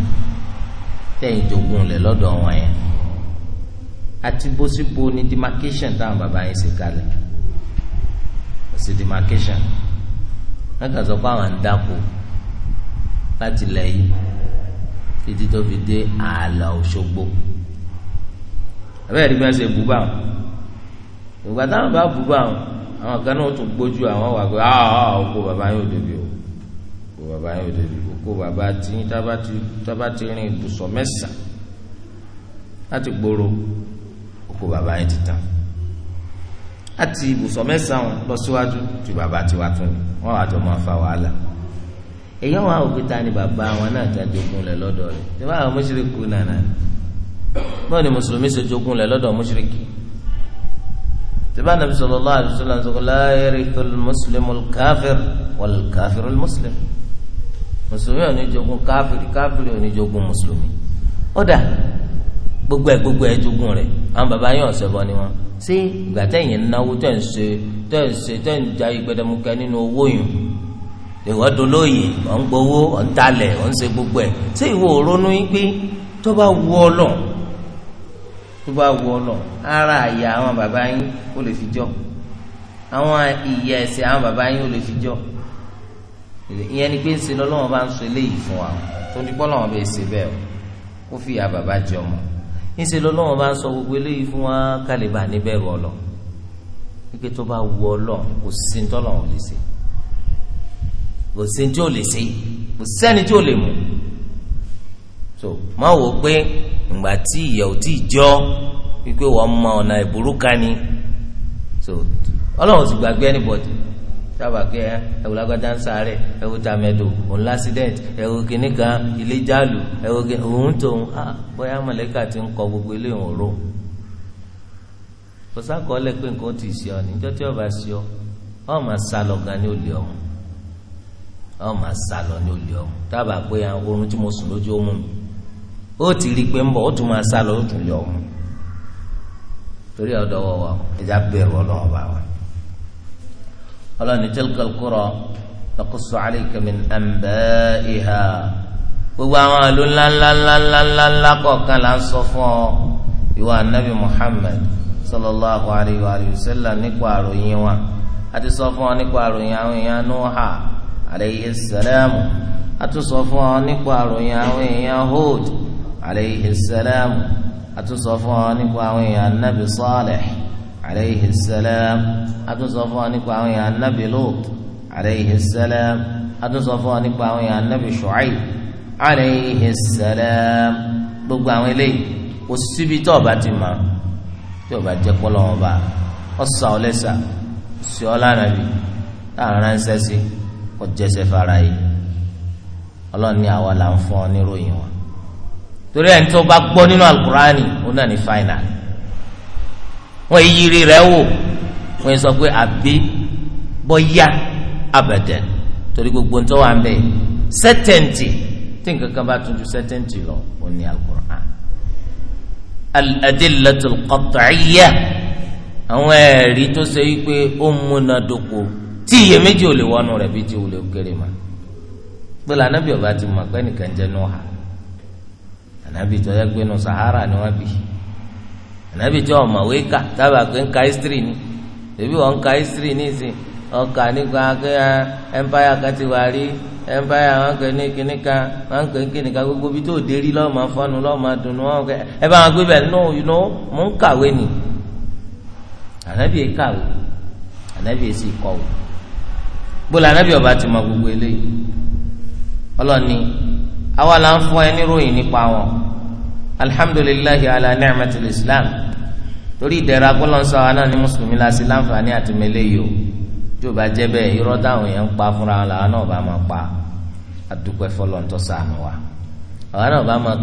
tẹ̀yìn jogún lẹ̀ lọ́dọ̀ wọn yẹn àti bósíbo ni demarcation táwọn bàbá yẹn ṣe kalẹ̀ kò sí demarcation wọn kàn sọ pé àwọn ń dáko láti lẹ̀ yìí títí tó fi dé ààlà Òṣogbo abẹ́rẹ́ bí wọ́n ṣe bú bá wọn ìgbà táwọn bá bú bá wọn àwọn kan náà tún gbójú àwọn wà pé ah oko bàbá yóò débi o oko bàbá yóò débi oko bàbá tí tábà ti rìn ibùsọ̀ mẹ́sàn-án láti gbòòrò àkókò bàbá yẹn ti tán àti ibùsọ̀ mẹ́sàn-án lọ síwájú ju bàbá tiwa tún ni wọ́n wàá jọ máa fa wàhálà èyí àwọn òkúta ni bàbá wọn náà ti àjogún lẹ̀ lọ́dọ̀ rẹ̀ tí wọ́n àwọn mọ́ṣíríkù nànà bọ́ọ̀ ni mùsùlùmí ṣe jogún lẹ̀ lọ́dọ̀ mọ́ṣíríkì tí bá nàbí sallallahu alaihi wasallam láyérikul mùsùlùmù káfíìr wal káfíìr mùsùlùmù mùsùlùmí ò ní jogún káfíìr káfíìr ò ní jogún mùsùlùmí gbogbo ẹ gbogbo ẹ jogún rẹ àwọn baba yẹn ọ̀sẹ̀ bọ ni wọn ṣé ìgbà tẹ̀yìn náwó tẹ̀ ń ṣe tẹ̀ ń ṣe tẹ̀ ń ja ìgbẹ́dẹmukẹ nínú owó yìí ìwọ dolóyè ọ̀ ń gbowó ọ̀ ń talẹ̀ ọ̀ ń ṣe gbogbo ẹ̀ ṣé ìwọ òrónú yín pé tó bá wù ọ lọ tó bá wù ọ lọ ara àyà àwọn baba yín ó lè fi jọ àwọn ìyà ẹ̀ṣẹ̀ àwọn baba yín ó lè fi jọ ìyẹn ni pé ń ṣe lọ́lọ́wọ́n bá ń sọ eléyìí fún wa tó ń dípọ́ lọ́wọ́n bẹ́ẹ̀ ṣe bẹ́ẹ̀ ó fi ìyà jẹ ọmọ níṣẹ́ lọ́lọ́wọ́n bá ń sọ gbogbo eléyìí fún wa kálíbà níbẹ̀rù ọlọ́ wípé tó bá wu ọlọ́ kò sí ní tọ́lọ̀ ò lè ṣe kò sí ní tí ò lè ṣe kò sẹ́ni tí ò lè mú so má wò ó pé ìgbà tí ìyẹ̀ ò tí ì jọ́ wípé wọ́n mọ ọ̀nà ìburúkani so ọlọ́run ti gbàgbé anybody sábà kí ẹ ẹwù lágbájá ń sáré ẹwù tàmẹdù òun lásìdẹǹt ẹwù kìnnì kan ilé jálù ẹwù kìnnì òun tóun á ah, bóyá mọlẹka ti ń kọ gbogbo ilé òun rò kò sákọọlẹ pé nǹkan ti ọ níjọ tí ọba si ọ ọ máa sá lọ gan ní olè ọ máa sá lọ ní olè ọhún pé tí mo sùn lójú ó mú mi ó ti rí i pé ń ó tún máa sá lọ ó ọdọ wọwọ ọlọ́ni tilkal qura naqussu alayka min anba'iha gbogbo àwọn àlù ńláńláńláńláńlá kọ̀ọ̀kan là ń sọ fún ọ ìwà anabi muhammed sallallahu alayhi wa sallam nípa àròyìn wa a ti sọ fún ọ nípa àròyìn àwọn èèyàn nuha alayhi salamu a tún sọ fún ọ nípa àròyìn àwọn èèyàn hud alayhi salamu a tún sọ fún ọ nípa àwọn èèyàn anabi salih alayhi salam atúnsọ fún wa nípa àwọn èèyàn anabi lut alayhi salam atúnsọ fún wa nípa àwọn èèyàn anabi shu'aib alayhi salam gbogbo àwọn eléyìí kò síbi tó ọba ti mọ tó ọba jẹ kpọlọ wọn ọsà ọlẹsà sí ọlá nàbì táwọn ránṣẹ́ sí ọjẹsẹ fara yìí Ọlọ́run ní àwa là ń fún ọ níròyìn wa torí ẹni tó bá gbọ́ nínú alukurani ó náà ní fáìnàlì wọn ìyiri rẹ̀ wò wọn sọ pé àbí bọ́yá abẹ̀dẹ̀ torí gbogbo ń tọ́wọ́ àmì sẹ́tẹ̀ǹtì tí nǹkan kan bá tún sẹ́tẹ̀ǹtì lọ ò ní alukur'an al-adillatul àwọn ẹ̀rí tó ṣe wípé ó múnadóko tí iyèméjì ò lè wọnú rẹ̀ bí ti wùlé kéré ma gbọ́dọ̀ anábì ọba ti mọ̀ pé nìkan jẹ́ nù ha anábì tó yẹ gbénu sahara ni wọ́n bì í ànábì tí wọn mọ̀wé kà sábà pé ń ka history ni èbí wọn ń ka history ní ìsìn ọkà nípa pé empire kan empire wọn kẹ ní kíní kan wọn kẹ ní kíní kan gbogbo bí tó dérí lọ́ọ́ máa fọ́nu lọ́ọ́ máa dùnú wọn kẹ ẹ bá wọn gbé bẹ́ẹ̀ no you know mò ń kàwé ni ànábì yẹn kàwé ànábì yẹn sì kọ̀wé gbọ́dọ̀ ànábì ọba ti mọ gbogbo eléyìí ọlọ́ni àwa là ń fún ẹ níròyìn nípa wọn. alhamdulillahi ala ni'matil islam torí ìdẹ̀ra gbọ́lọ́nsọ aná ni mùsùlùmí la sí láǹfààní àti mẹ́lẹ́yìí o tí o bá jẹ́ bẹ́ẹ̀ irọ́ táwọn ń pa fúnra wọn làwọn náà bá máa pa àdúpẹ́ fọlọ́ntọ́ sànù wa àwọn náà bá máa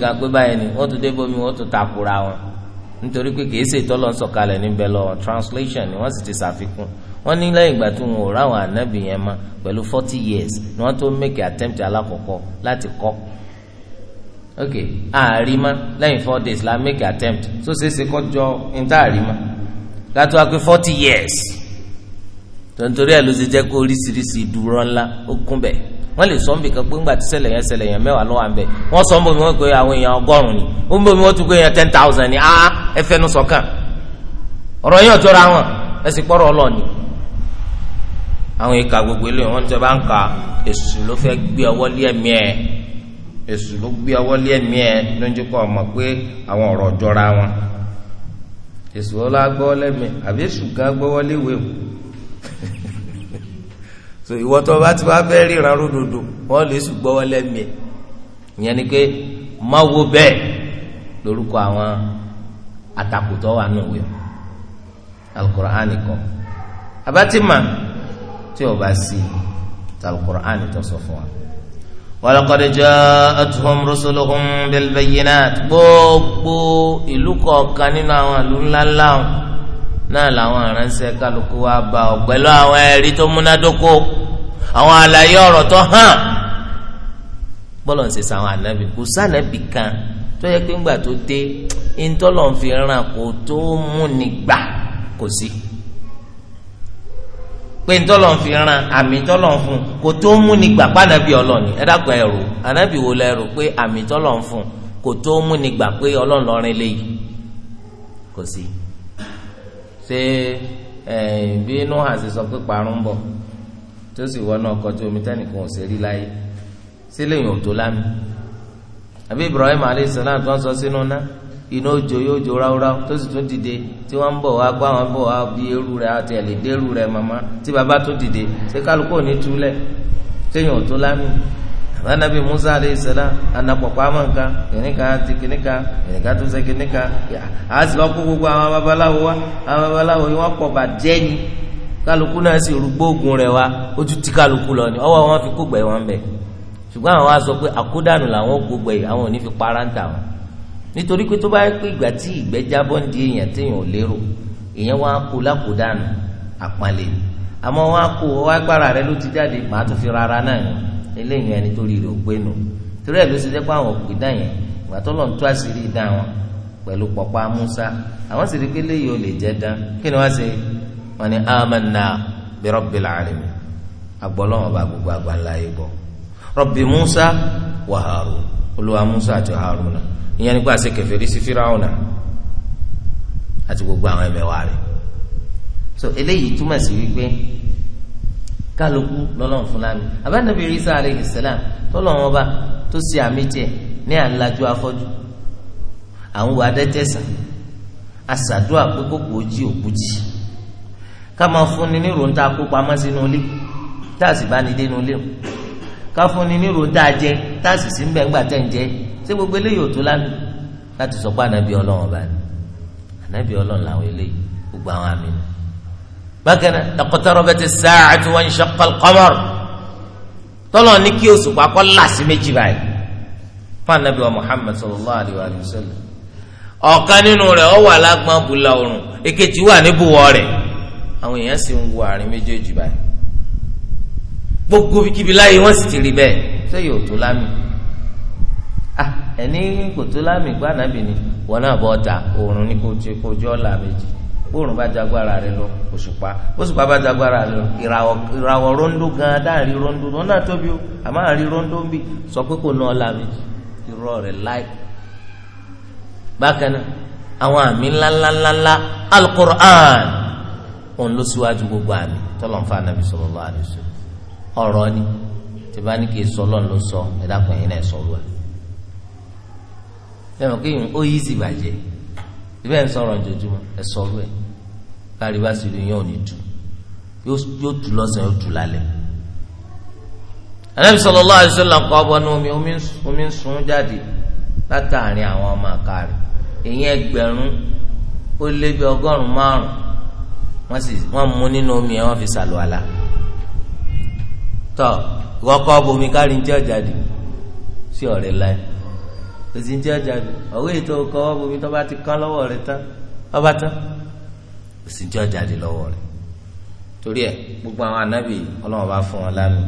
kan pé báyìí ni wọ́n tún dé bómi wọ́n tún takura wọn nítorí pé kìí ṣe ìtọ́lọ́ ń níbẹ̀ lọ translation ni wọ́n sì ti ṣàfikún wọ́n ní lẹ́yìn ìgbà tí wọn ò ráwọn years ni wọ́n tó make attempt alákọ̀ọ́kọ́ ok àrímá lẹ́yìn four days la make attempt so ṣeéṣe kọjọ níta àrímá gàtú wa pé forty years tontori ẹ̀ ló ṣe jẹ́ kó oríṣiríṣi ìdúró ńlá ó kún bẹ̀ wọ́n lè sọ nbìkan pé ńgbà tí ṣẹlẹ̀ yẹn ṣẹlẹ̀ yẹn mẹ́wàá lọ́wọ́ à ń bẹ̀ wọ́n sọ nbomi wọ́n pe àwọn èèyàn ọgọ́rùn-ún ni ó ń bomi wọ́n tún pé èèyàn ten thousand ni ah ẹ fẹ́nu sọ̀kan ọ̀rọ̀ yẹn ò jọra wọn ẹ sì pọ̀rọ̀ ọlọ́ọ̀ni àwọn ìka gbogbo eléyìí wọ́n ti bá ń ka èsù ló fẹ́ gbé ọwọ́ lé ẹ̀mí ẹ̀ èsù ló gbé ọwọ́ lé ẹ̀mí ẹ̀ lójú kọ́ ọmọ pé àwọn ọ̀rọ̀ jọra wọn èsù ọlá gbọ́ lẹ́mí àbí èsù gan gbọ́wọ́ léwé o so ìwọ tó bá ti wá fẹ́ ríran ródòdó wọ́n lè èsù gbọ́wọ́ lẹ́mí ẹ̀ ìyẹn ni pé má wo bẹ́ẹ̀ lórúkọ àwọn atakùtọ̀ wà nù wẹ̀ alukur'ani kọ abatima tí o bá sí alukur'ani tó sọ fún wa walaqad ja'atuhum rusuluhum bil bayyinat gbogbo ìlú kọ̀ọ̀kan nínú àwọn ìlú ńláńlá náà làwọn aránṣẹ́ kálukú wa bá ọ pẹ̀lú àwọn ẹ̀rí tó múnádóko àwọn àlàyé ọ̀rọ̀ tó hàn bọ́lọ̀ ń sèse àwọn ànábì kò sànábì kan tó yẹ pé ńgbà tó dé ntọ́lọ̀ ń fi ràn kó tó múni kò sí. Si pé ntọ́lọ̀ ń fi ran àmì tọ́lọ̀ ń fún kò tó mú ni gbàgbá nàbí ọlọ́ni ẹ dàgbà ẹ̀rù ànábì wo lẹ rò pé àmì tọ́lọ̀ ń fún kò tó mú ni gbà pé ọlọ́run lọ́rin léyìí kò sí. ṣé bí Nuha ṣe sọ pé parun ń bọ̀ tó sì wọ́n náà kọjú omi tẹ́nìkan ò ṣe rí láyé sílẹ̀ yìí tó lámì àbí Ibrahim alayhi salam tó ń sọ sínú náà iná òjò yóò jó ráúráú tó sì tún dìde tí wọ́n ń bọ̀ wá gbọ́ àwọn bọ̀ wá bí eru rẹ̀ àti ẹ̀lẹ́dẹ́rù rẹ̀ màmá tí baba tún dìde ṣé kálukú ò ní túlẹ̀ téèyàn ò tó lámì anabi musa alayhi salam anakpɔkpɔ ama nka kìnìkan ti kìnìkan kìnìkan tó ṣe kìnìkan asi lọ kó gbogbo àwọn babaláwo wa àwọn babaláwo yìí wọn pọ̀ bàjẹ́ ni kálukú náà sì rúgbó ogun rẹ̀ wa ó tún ti kálukú lọ ni ọwọ́ wọn fi kó gbẹ wọn bẹ ṣùgbọ́n àwọn wa pé àkódànù làwọn kó gbẹ yìí àwọn ò ní fi para ń tà wọn nítorí pé tó bá yẹ pé ìgbà tí ìgbẹ́ jábọ́ ń di èèyàn téèyàn ò lérò èèyàn wá kó lákòdánù àpọ́nlé àmọ́ wá kó wá gbára rẹ ló ti jáde màá tún fi rárá náà ni eléyìí ẹni tó rí rè ó gbé nù torí ẹ̀ ló ṣe jẹ́ pé àwọn òpè dá yẹn ìgbà tó lọ́n tó àṣírí dá wọn pẹ̀lú pọ̀pá Musa àwọn sì rí pé léyìí ò lè jẹ́ dán kí ni wọ́n ṣe wọ́n ní amanna bi rabbil alamin agbọ́lọ́wọ́n bá gbogbo àgbáńlá yìí bọ̀ rabbi Musa wa Harun olúwa Musa àti Haruna náà ìyẹn nípa àṣẹ kèfèrí sí fíráwùnà àti gbogbo àwọn ẹmẹ̀wà rẹ̀ so eléyìí túmọ̀ sí wípé kálukú lọ́lọ́run fún lámì Isa aleyhi salam tọ́lọ́run ọba tó ṣe àmì tiẹ̀ ní àńlájú afọ́jú àwọn wà dẹ́tẹ̀sán àṣàdúrà pé kókò ojí òkúti ká máa fúnni ní ròǹtà kó pamọ́ sínú ilé tá a sì bá ní ilé ká fúnni ní jẹ ṣé gbogbo eléyìí ò tó lánàá láti sọ pé ànábì ọlọ́run ọba ni ànábì ọlọ́run làwọn eléyìí gbogbo àwọn àmì ni. bákan náà taqtarabati as-sa'atu wa inshaqa al-qamar tọ́lọ̀ ní kí oṣù pàkọ́ làásì méjì báyìí fún ànábì wa Muhammad sallallahu alayhi wa sallam ọ̀kan nínú rẹ̀ ọ wà lágbọ́n bùlà òrùn èkejì wà níbùwọ̀ rẹ̀ àwọn èèyàn sì ń wo àárín méjèèjì báyìí gbogbo kíbi wọ́n sì ti rí bẹ́ẹ̀ sẹ́yìn ò tó lámì. Ah, ẹni kò tó lámì gbá nàbì ni wọn náà bọ ọta oòrùn ni kò tó kojú ọlà méjì oòrùn bá jagbára rẹ lọ òṣùpá òṣùpá bá jagbára rẹ lọ ìràwọ̀ ìràwọ̀ rondo gan dáàrí rondo wọn náà tóbi o àmọ́ àrí rondo ń bì sọ pé kò ná ọlà méjì irọ́ rẹ̀ láì bákan náà àwọn àmì ńláńláńláńlá alukur'an òun ló síwájú gbogbo àmì tọ́lọ̀ ń fa anabi sallallahu alaihi wasallam ọ̀rọ̀ ni tí bá ló sọ ẹ̀dá kan yín náà sọ̀rọ̀ ẹ̀ sẹ́mi kí n ó yíìsì bàjẹ́ ibẹ̀ ń sọ̀rọ̀ ojoojúmọ́ ẹ sọ̀rọ̀ ẹ̀ kárí bá sì lè yàn ò ní tu yóò tu lọ́sàn yóò tu lálẹ́. Ànábì sallallahu alaihi wasallam kọ́ ọbọ̀ ní omi omi ń sun jáde látàrin àwọn ọmọ àkàrẹ̀ èyí ẹgbẹ̀rún ó lé bí ọgọ́rùn-ún márùn-ún wọ́n sì wọ́n mú nínú omi ẹ̀ wọ́n fi sàlùwàlà tọ́ ìwọ́kọ́ bomi kárí ń jẹ́ jáde sí ọ̀rẹ́ láì òsì ń jẹ́ ọjà mi ọ̀wé ètò ọkọ̀ ọ̀bù mi tó bá ti kán lọ́wọ́ rẹ tán ọba tán òsì ń jẹ́ ọjà di lọ́wọ́ rẹ torí ẹ gbogbo àwọn anábì ọlọ́run bá fún wọn lámì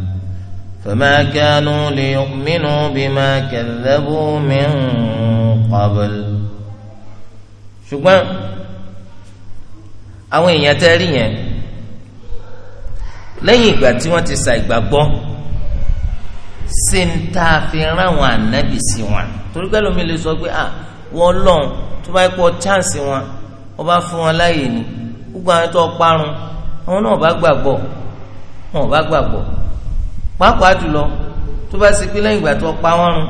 فما كانوا ليؤمنوا بما كذبوا من قبل ṣùgbọ́n àwọn èèyàn tẹ́ rí yẹn lẹ́yìn ìgbà tí wọ́n ti sa ìgbàgbọ́ ṣe ń tá a fi rán àwọn ànábì sí wọn torí pẹ́ lómi lè sọ pé à wọ́n lọ́n tó bá pọ̀ chance wọn wọ́n bá fún wọn láàyè ni gbogbo àwọn tó parun àwọn náà bá gbàgbọ́ wọn ò bá gbàgbọ́ pàápàá jùlọ tó bá ṣe pé lẹ́yìn ìgbà tó pa wọ́n run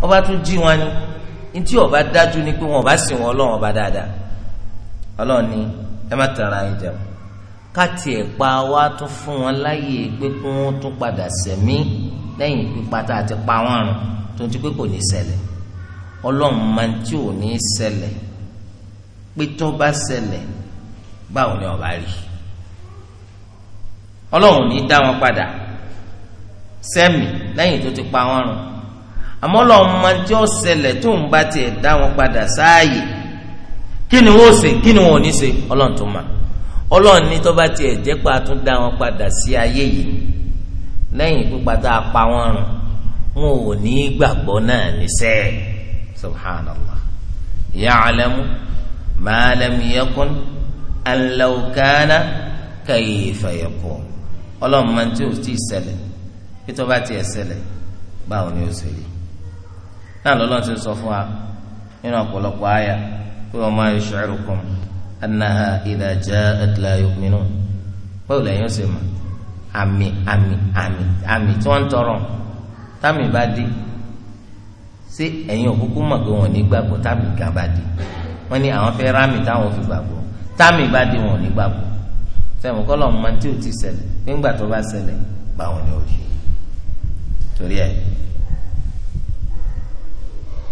wọ́n bá tún jí wọn ni ntí ọba dájú ni pé wọn bá sìn wọn ọlọ́run ọba dáadáa ọlọ́run ni ẹ má tara ẹ jẹun káàtì ẹ̀ pa wá tún fún wọn láàyè pé kí wọ́n tún padà sẹ̀mí lẹ́yìn pípata àti pa wọ́n run tó ti pé kò ní ṣẹlẹ̀ ọlọ́run máa ń tí ò ní ṣẹlẹ̀ pé tó bá ṣẹlẹ̀ báwo ni ọba rí ọlọ́run ní dá wọn padà sẹ́mi lẹ́yìn tó ti pa wọ́n run àmọ́ ọlọ́run máa ń tí ó ṣẹlẹ̀ tó ń bá tiẹ̀ dá wọn padà sáàyè kí ni wọ́n ṣe kí ni wọ́n ò ní ṣe ọlọ́run tó mọ̀ ọlọ́run ní tó bá tiẹ̀ jẹ́ pé dá wọn padà sí ayé yìí lẹ́yìn pípa tá a pa wọ́n rùn wọn ò ní gbàgbọ́ náà níṣẹ́ subhanallah ya'lamu ma lam yakun an law kana kayfa yakun ọlọ́run máa ń tí ò tí ì ṣẹlẹ̀ bí tó bá tiẹ̀ ṣẹlẹ̀ báwo ni ó ṣe rí náà lọ́lọ́run ti sọ fún wa nínú ọ̀pọ̀lọpọ̀ àyà pé wa ma yushirukum annaha idha ja'at la yu'minun báwo lẹ́yìn ó ṣe mọ̀ àmì àmì àmì àmì tí wọ́n ń tọrọ támì bá dé ṣé ẹ̀yin òkúkú mọ̀ pé wọ́n ní gbàgbọ́ támì kan bá dé wọ́n ní àwọn fẹ́ rámì táwọn fi gbàgbọ́ támì bá dé wọ́n ní gbàgbọ́ sẹ́wọ̀n kọ́lọ̀ mọ tí ò ti ṣẹlẹ̀ nígbà tó bá ṣẹlẹ̀ báwọn ni ó rí torí ẹ̀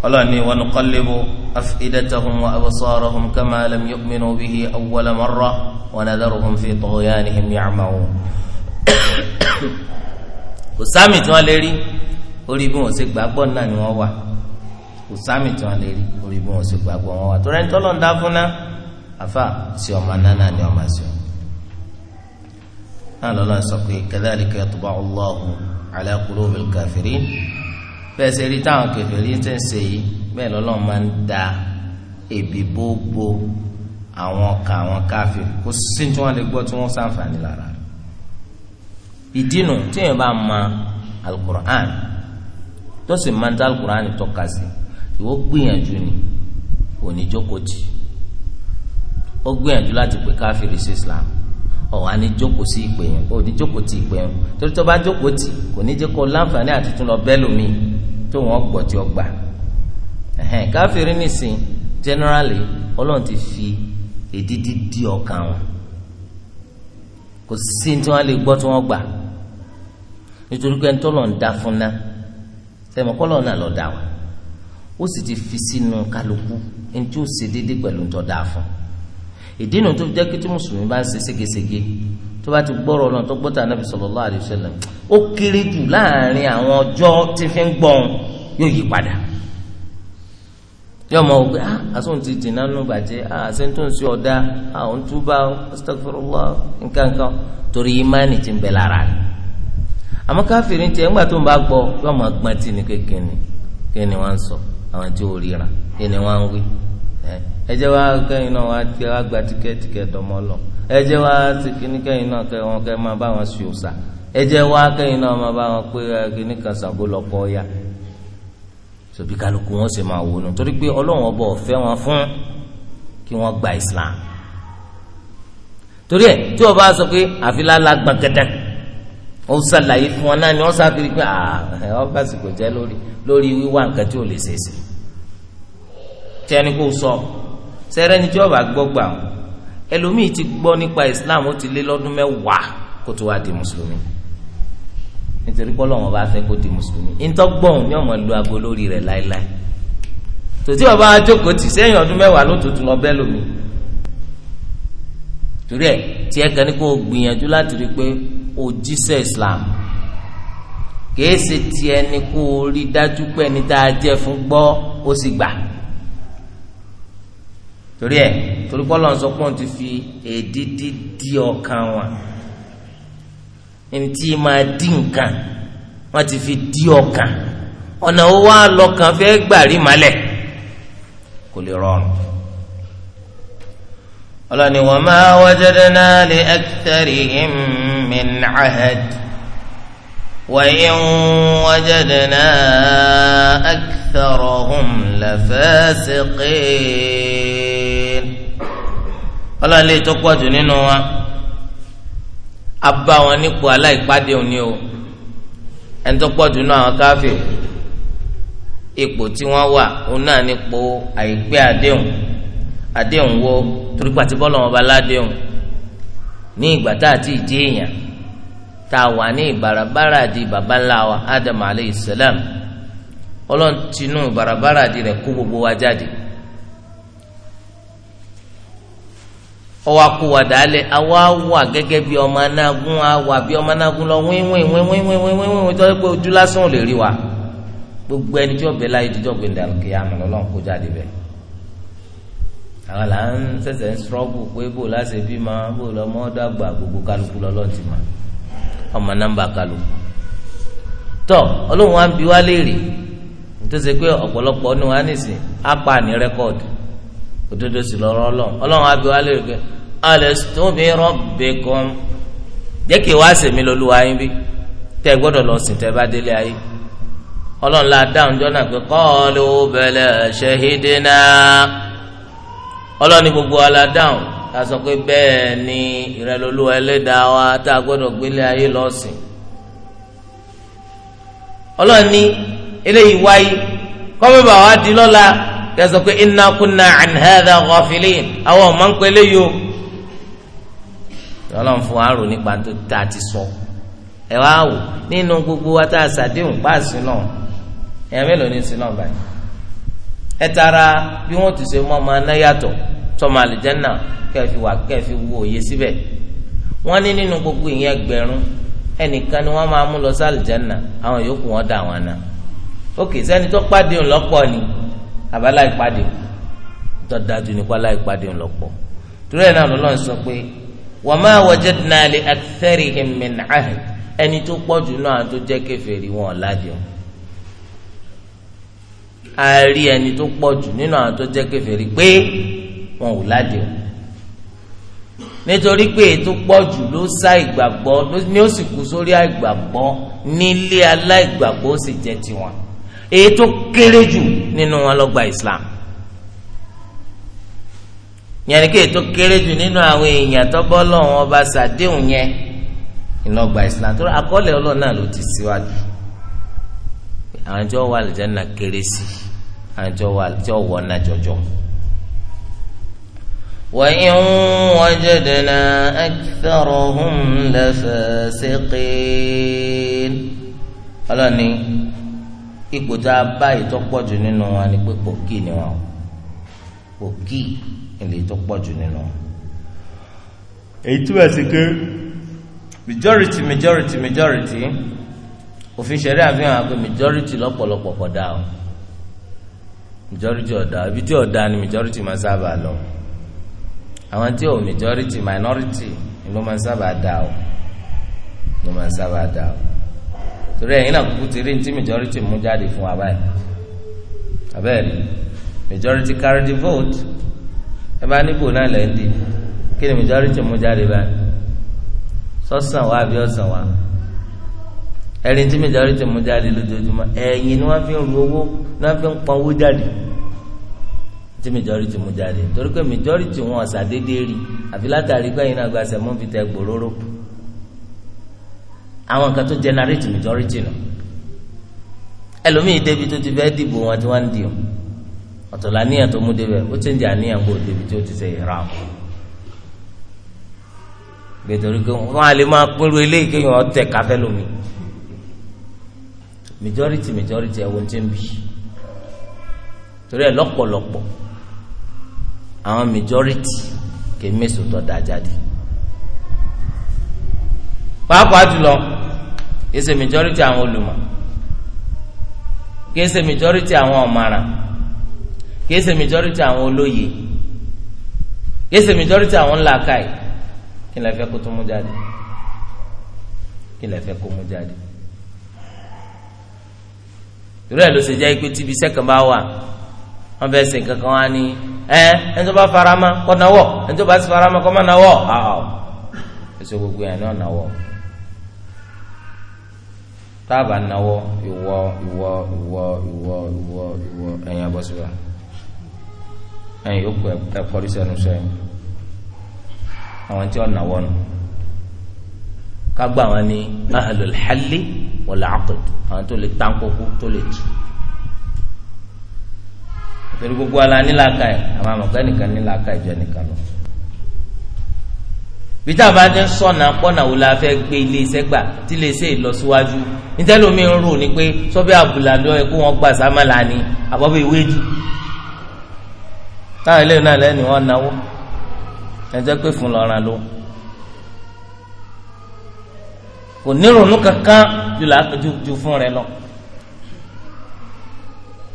ọlọ́ni wọn kọ́lébo afidatahum wa abasarahum kama lam yu'minu bihi awwala marra wa fi tughyanihim ya'mahun kò sáàmì tí wọ́n lè rí orí bí wọ́n ṣe gbàgbọ́ náà ni wọ́n wà kò sáàmì tí wọ́n lè rí orí bí wọ́n ṣe gbàgbọ́ wọ́n wà torí ẹni tọ́lọ́ ń dá fún ná àfà sí ọmọ nánà ni ọmọ sí ọ. náà lọ́lọ́ sọ pé kadhalika yatba'u Allahu ala qulubil kafirin bẹ́ẹ̀ ṣe rí táwọn kèfèrí ń ṣe yìí bẹ́ẹ̀ lọ́lọ́ máa ń da èbí gbogbo àwọn ọkà àwọn káfíìn kò sí tí wọ́n lè gbọ́ tí wọ́n ṣàǹfààní ìdínú tí èèyàn bá ma alukur'an tó sì máa ń tẹ alukur'an tọ́ka sí ìwọ gbìyànjú ni oníjókòtì ó gbìyànjú láti pè káfíìrì sí islam ọ̀hún aníjókòó sí ìpè yẹn oníjókòtì ìpè yẹn torí tó bá jókòtì kò ní jẹ́ kó láǹfààní àti tún lọ bẹ́ẹ̀ lómi tó wọ́n gbọ́ tí ó gbà káfíìrì nìsín generally ọlọ́run ti fi èdídí di ọkàn wọn kò sí tí wọ́n lè gbọ́ tí wọ́n gbà nítorí pé ntọ́lọ̀ ń da fún ná tẹ̀mọ̀ kọ́lọ̀ náà lọ́ọ́ da wa ó sì ti fi sínú kálukú ntí ó ṣe déédéé pẹ̀lú ntọ́ da fún ìdí nu tó jẹ́ kí tí mùsùlùmí bá ń ṣe ségesège tó bá ti gbọ́rọ̀ náà tó gbọ́tà Ànábì sallallahu alaihi wasallam ó kéré jù láàrin àwọn ọjọ́ tí fi ń gbọ́n yóò yí padà yọ ọmọ ògbé ah asóhun ti dìnnà a bàjẹ́ ah àṣẹ́ntún sí ọ̀dà ah òun túbà astaghfirullah nǹkan kan torí imáàni ti ń bẹ lára rẹ̀ àmọ́ káfíìrì tiẹ̀ ńgbà tó ń bá gbọ́ yóò máa gbọ́n tì ní kékeré kíni wọ́n ń sọ àwọn tí ò ríra kíni wọ́n ń wí ẹ jẹ́ wá kẹ́yìn náà wá kí wá gba tíkẹ́ẹ̀tì kẹ́ẹ̀tọ́ mọ́ lọ ẹ jẹ́ wá kíní kẹ́yìn náà kẹ́ wọn kẹ́ máa bá wọn sùn sà ẹ jẹ́ wá kẹ́yìn náà máa bá wọn pé kíní kan sàbó lọ kọ́ ya sòbí kálukú wọn sì máa wò nù torí pé ọlọ́run ọba ọ̀fẹ́ wọn fún kí wọ́n gba Islam torí ẹ̀ tí wọ́n bá sọ pé àfi lálá gbọ̀ngàdàn ó ṣàlàyé fún wọn náà ni wọn ṣàkiri pé ọ ah, básìkò jẹ lórí lórí wíwá nǹkan tí ò lè ṣèṣe tí ẹni kò sọ sẹrẹ ni jọba gbọ́ gbà wọn ẹlòmíì ti gbọ́ nípa Islam ó ti lé lọ́dún mẹ́wàá kó tó wá di mùsùlùmí nítorí pọlọ wọn bá fẹ́ kó di mùsùlùmí ntọgbọn ni ọmọ lu aago lórí rẹ̀ láéláé tòtí ọba ajókòó tì sẹ́yìn ọdún mẹ́wàá ló tuntun lọ bẹ́ẹ̀ lómi torí ẹ tí ẹ kó gbìyànjú láti rí pé ojise islam kìí ṣe ti ẹni kó daju pe dájú pé ẹni tá a jẹ́ fún gbọ́ ó sì gbà torí ẹ torí sọ pé ti fi edidi di ọkàn wọn ẹni tí ma di nǹkan wọ́n ti fi di ọkàn ọ̀nà ó wá lọ́kàn fẹ́ gbàrí malẹ̀ kò lè rọrùn. ọlọ́ni wọ́n máa wajadna li aktharihim. من عهد وإن وجدنا أكثرهم لفاسقين ọlọ́run لي tó pọ̀ أبا nínú wa a bá أن nípò aláìpàdé كافي. o ẹni tó pọ̀ jù nínú àwọn káfíìn ipò tí wọ́n wà òun náà nípò àìpé àdéhùn àdéhùn wo torí pàtí bọ́ọ̀lù wọn ní ìgbà tá àti ìdí èèyàn tá a wà ní ìbarabara di baba ńlá wa adam alayhi salam ọlọ́run tinú ìbarabara di rẹ̀ kó gbogbo wa jáde ọwọ́ kó awa wà gẹ́gẹ́ bí ọmọ anagun awà bí ọmọ anagun lọ wíwìn wíwìn wíwìn wíwìn tó yẹ pé ojú lásán ò lè wa gbogbo ẹni tí ọbẹ̀ láyé dídọ́ gbẹ̀ndà kí lọ́lọ́run kó jáde bẹ́ẹ̀ àwọn là ń ń pé bò láṣẹ bímọ gbogbo kálukú ọmọ nọ́mbà kalu tọ Ọlọ́run wa ń bi wá léèrè pé ọ̀pọ̀lọpọ̀ ọdún wa nìsín á pa ní rẹ́kọ̀dù òdodo sì lọ́rọ̀ Ọlọ́run Ọlọ́run wa bi wá léèrè pé bi jẹ́ kí sèmi lọ́lúwa yín bí tẹ́ ẹ gbọ́dọ̀ lọ sìn tẹ́ bá délé ayé Ọlọ́run sọ pé bẹ́ẹ̀ ni ìrẹ̀lólú ẹlẹ́dàá wa tá a gbọ́dọ̀ gbélé ayé lọ sìn ọlọ́run ní eléyìí wáyé kọ́mẹ́bà wa di lọ́la kẹsàn pé inna kunna an hadha ghafilin àwọn ọ̀ma ń pẹ́ o ọlọ́run fún wa rò nípa tó tá ti sọ ẹ wá wò nínú gbogbo wa tá a sàdéhùn páàsì náà ẹ̀yàn mélòó ní sinú ọ̀bàyàn ẹ tara bí wọ́n ti ṣe mọ́ ọmọ náà tọmọ àlìjẹ́nà kẹfì wà kẹfì wo òye síbẹ̀ wọ́n ní nínú gbogbo ìyẹn ẹgbẹ̀rún ẹnìkan ni wọ́n máa mú lọ sí àlìjẹ́nà àwọn yòókù wọn dà wọn náà ókè sẹ́ni tó pàdé ńlọ́pọ̀ ni àbálá ìpàdé tó dájú nípa láìpàdé ńlọ́pọ̀ torí ẹ̀ náà lọ́lọ́run sọ pé wa ma wajadna li aktharihim min ahd ẹni tó pọ̀jù náà tó jẹ́ kèfèrí wọn ọ̀làdìọ̀ a ẹni tó pọ̀jù nínú àwọn tó jẹ́ kèfèrí pé wọn ò ládìí o nítorí pé ètò pọ̀jù ló sá ìgbàgbọ́ ni ó sì kú sórí àìgbàgbọ́ nílé aláìgbàgbọ́ ó sì jẹ́ tiwọn ètò kéré jù nínú wọn ló Islam yẹn ni kí ètò kéré jù nínú àwọn èèyàn tó bọ́ lọ́wọ́ ọba sàdéhùn yẹn ìlọgba Islam tó akọ́lẹ̀ ọlọ́run náà ló ti síwájú àwọn tí wọ́n wà lè jẹ́ kéré sí àwọn tí wà lè ọ̀wọ́ náà jọjọ́. وإن وجدنا أكثرهم لفاسقين ọlọ́ni ipò tá a bá ètò pọ̀jù nínú wọn ni pé pòkì ni wọn pòkì ilé pọ̀jù nínú wọn. èyí túbọ̀ sí pé majority majority majority òfin àfihàn majority lọ́pọ̀lọpọ̀ kọ̀ dá o majority ọ̀dà ibi tí lọ. àwọn tí o majority minority ló máa ń sábà dà o ló máa ń sábà dà o torí náà kúkú ti rí majority mú jáde fún wa báyìí abẹ́ẹ̀ni majority carry the vote ẹ bá níbò náà di kí ni majority mú jáde báyìí wa àbí ọ̀sàn wa ẹ̀rín majority mú jáde lójoojúmọ́ ẹ̀yin fi ń ru fi ń tí majority mú jáde torí pé majority wọn ọ̀sàdédé rí àfi látàrí pé ẹ̀yin náà gba ṣẹ̀ mọ́fì tẹ gbòòrò àwọn kan tó generate majority nù ẹlòmíì débi tó ti fẹ́ dìbò wọn tí wọ́n ń dìbò ọ̀tọ̀ làníyàn tó mú débẹ̀ ó ti ń jẹ́ àníyàn kó débi tó ti ṣe ìra wọn gbẹdọrí pé wọn àlè máa pínrú eléyìí kéèyàn ọtẹ káfẹ lómi majority majority ẹ wo ti ń bì torí ẹ lọ́pọ̀lọpọ̀ àwọn majority kì í mèsò tó da jáde pàápàá jùlọ kì í ṣe majority àwọn olùmọ̀ kì í ṣe majority àwọn ọ̀maràn kì í ṣe majority àwọn olóye kì í ṣe majority àwọn ńlá káì kí lè fẹ́ kó tó mú jáde kí lè fẹ́ kó mú jáde ìrú ló ṣe jẹ́ pé tíbi sẹ́kàn bá wà wọn bẹ sìn kankan wá ní ẹ ẹni tó bá farama kọ nawọ ẹni tó bá sì farama kọ má nawọ àwọ ẹsẹ gbogbo yẹn náà nawọ táàbà nawọ ìwọ ìwọ ìwọ ìwọ ìwọ ìwọ ẹ̀yin abọ́síwá ẹ̀yin yòókù ẹ kọrí sẹ́nu sẹ́yìn àwọn tí wọn nawọ nù ká gbà wọn ní ahlul halli wal aqd àwọn tó lè tán kókó tó lè tù torí gbogbo ala nílaka yìí àwọn àmọ̀kẹ́ nìkan nílaka ìjọ nìkan lọ. bí táwọn bá ti ń sọ̀nà pọ́nà wò la fẹ́ gbé ilé iṣẹ́ gbà tí ilé iṣẹ́ ìlọsíwájú nítorí omi ń rò ní pé sọ́bẹ́ àbùlà ló yẹ gbà sámàlà ni àbọ̀bẹ̀ ìwé jù. táwọn ilé náà lẹ́nu wọn náwó ẹ jẹ́ pé fún lọ́ràn ló. kò ní kankan ju fún rẹ lọ.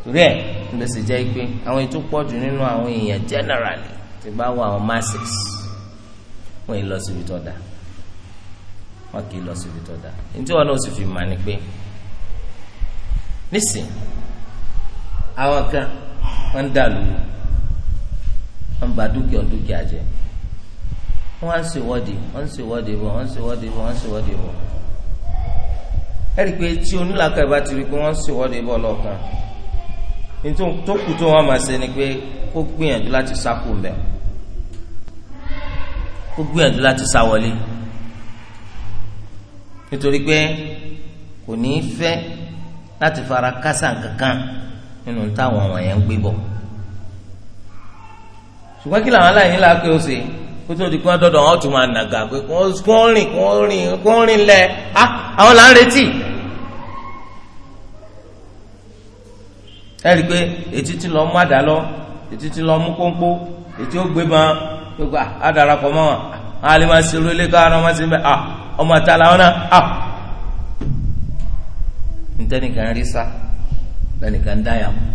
torí ẹ̀ ló sì jẹ́ pé àwọn ètò pọ̀jù nínú àwọn èèyàn generally ti bá wọ àwọn masses wọ́n yìí lọ síbi tó dáa wọ́n kì í lọ síbi tó dáa nítorí wọn náà sì fi mà ní pé nísìn àwọn kan wọ́n ń dà lóru wọ́n ń dúkìá dúkìá jẹ́ wọ́n á ń ṣèwọ́de wọ́n ń ṣèwọ́de bọ̀ wọ́n ń ṣèwọ́de bọ̀ wọ́n ń ṣèwọ́de bọ̀ ẹ̀rí pé tí onílàkà ìbá ti rí pé wọ́n ń ṣèwọ́de bọ̀ lọ́ọ̀kan tó kù tó wọn máa ṣe ni pé kó gbìyànjú láti sáko mbẹ kó gbìyànjú láti sá wọlé nítorí pé kò ní í fẹ́ láti fara kásá kankan nínú táwọn àwọn yẹn ń gbé bọ̀ ṣùgbọ́n kí làwọn aláìní la pé ó ṣe kó tó di kí wọ́n dọ́dọ̀ wọn tún máa nàgà pé kó rìn kó rìn kó rìn lẹ̀ ah, àwọn là ń retí. ẹ rí i pé etí ti lọ mú àdá lọ etí ti lọ mú kónkó etí ó gbé ban gbogbo àdàràpọ̀ mọ́ wọn àlè máa ṣe orí ilé káwọn ọmọ sí bẹ́ẹ̀ ọmọ ta làwọn náà ntẹnìkan rí sá lẹnìkan dáyà mọ́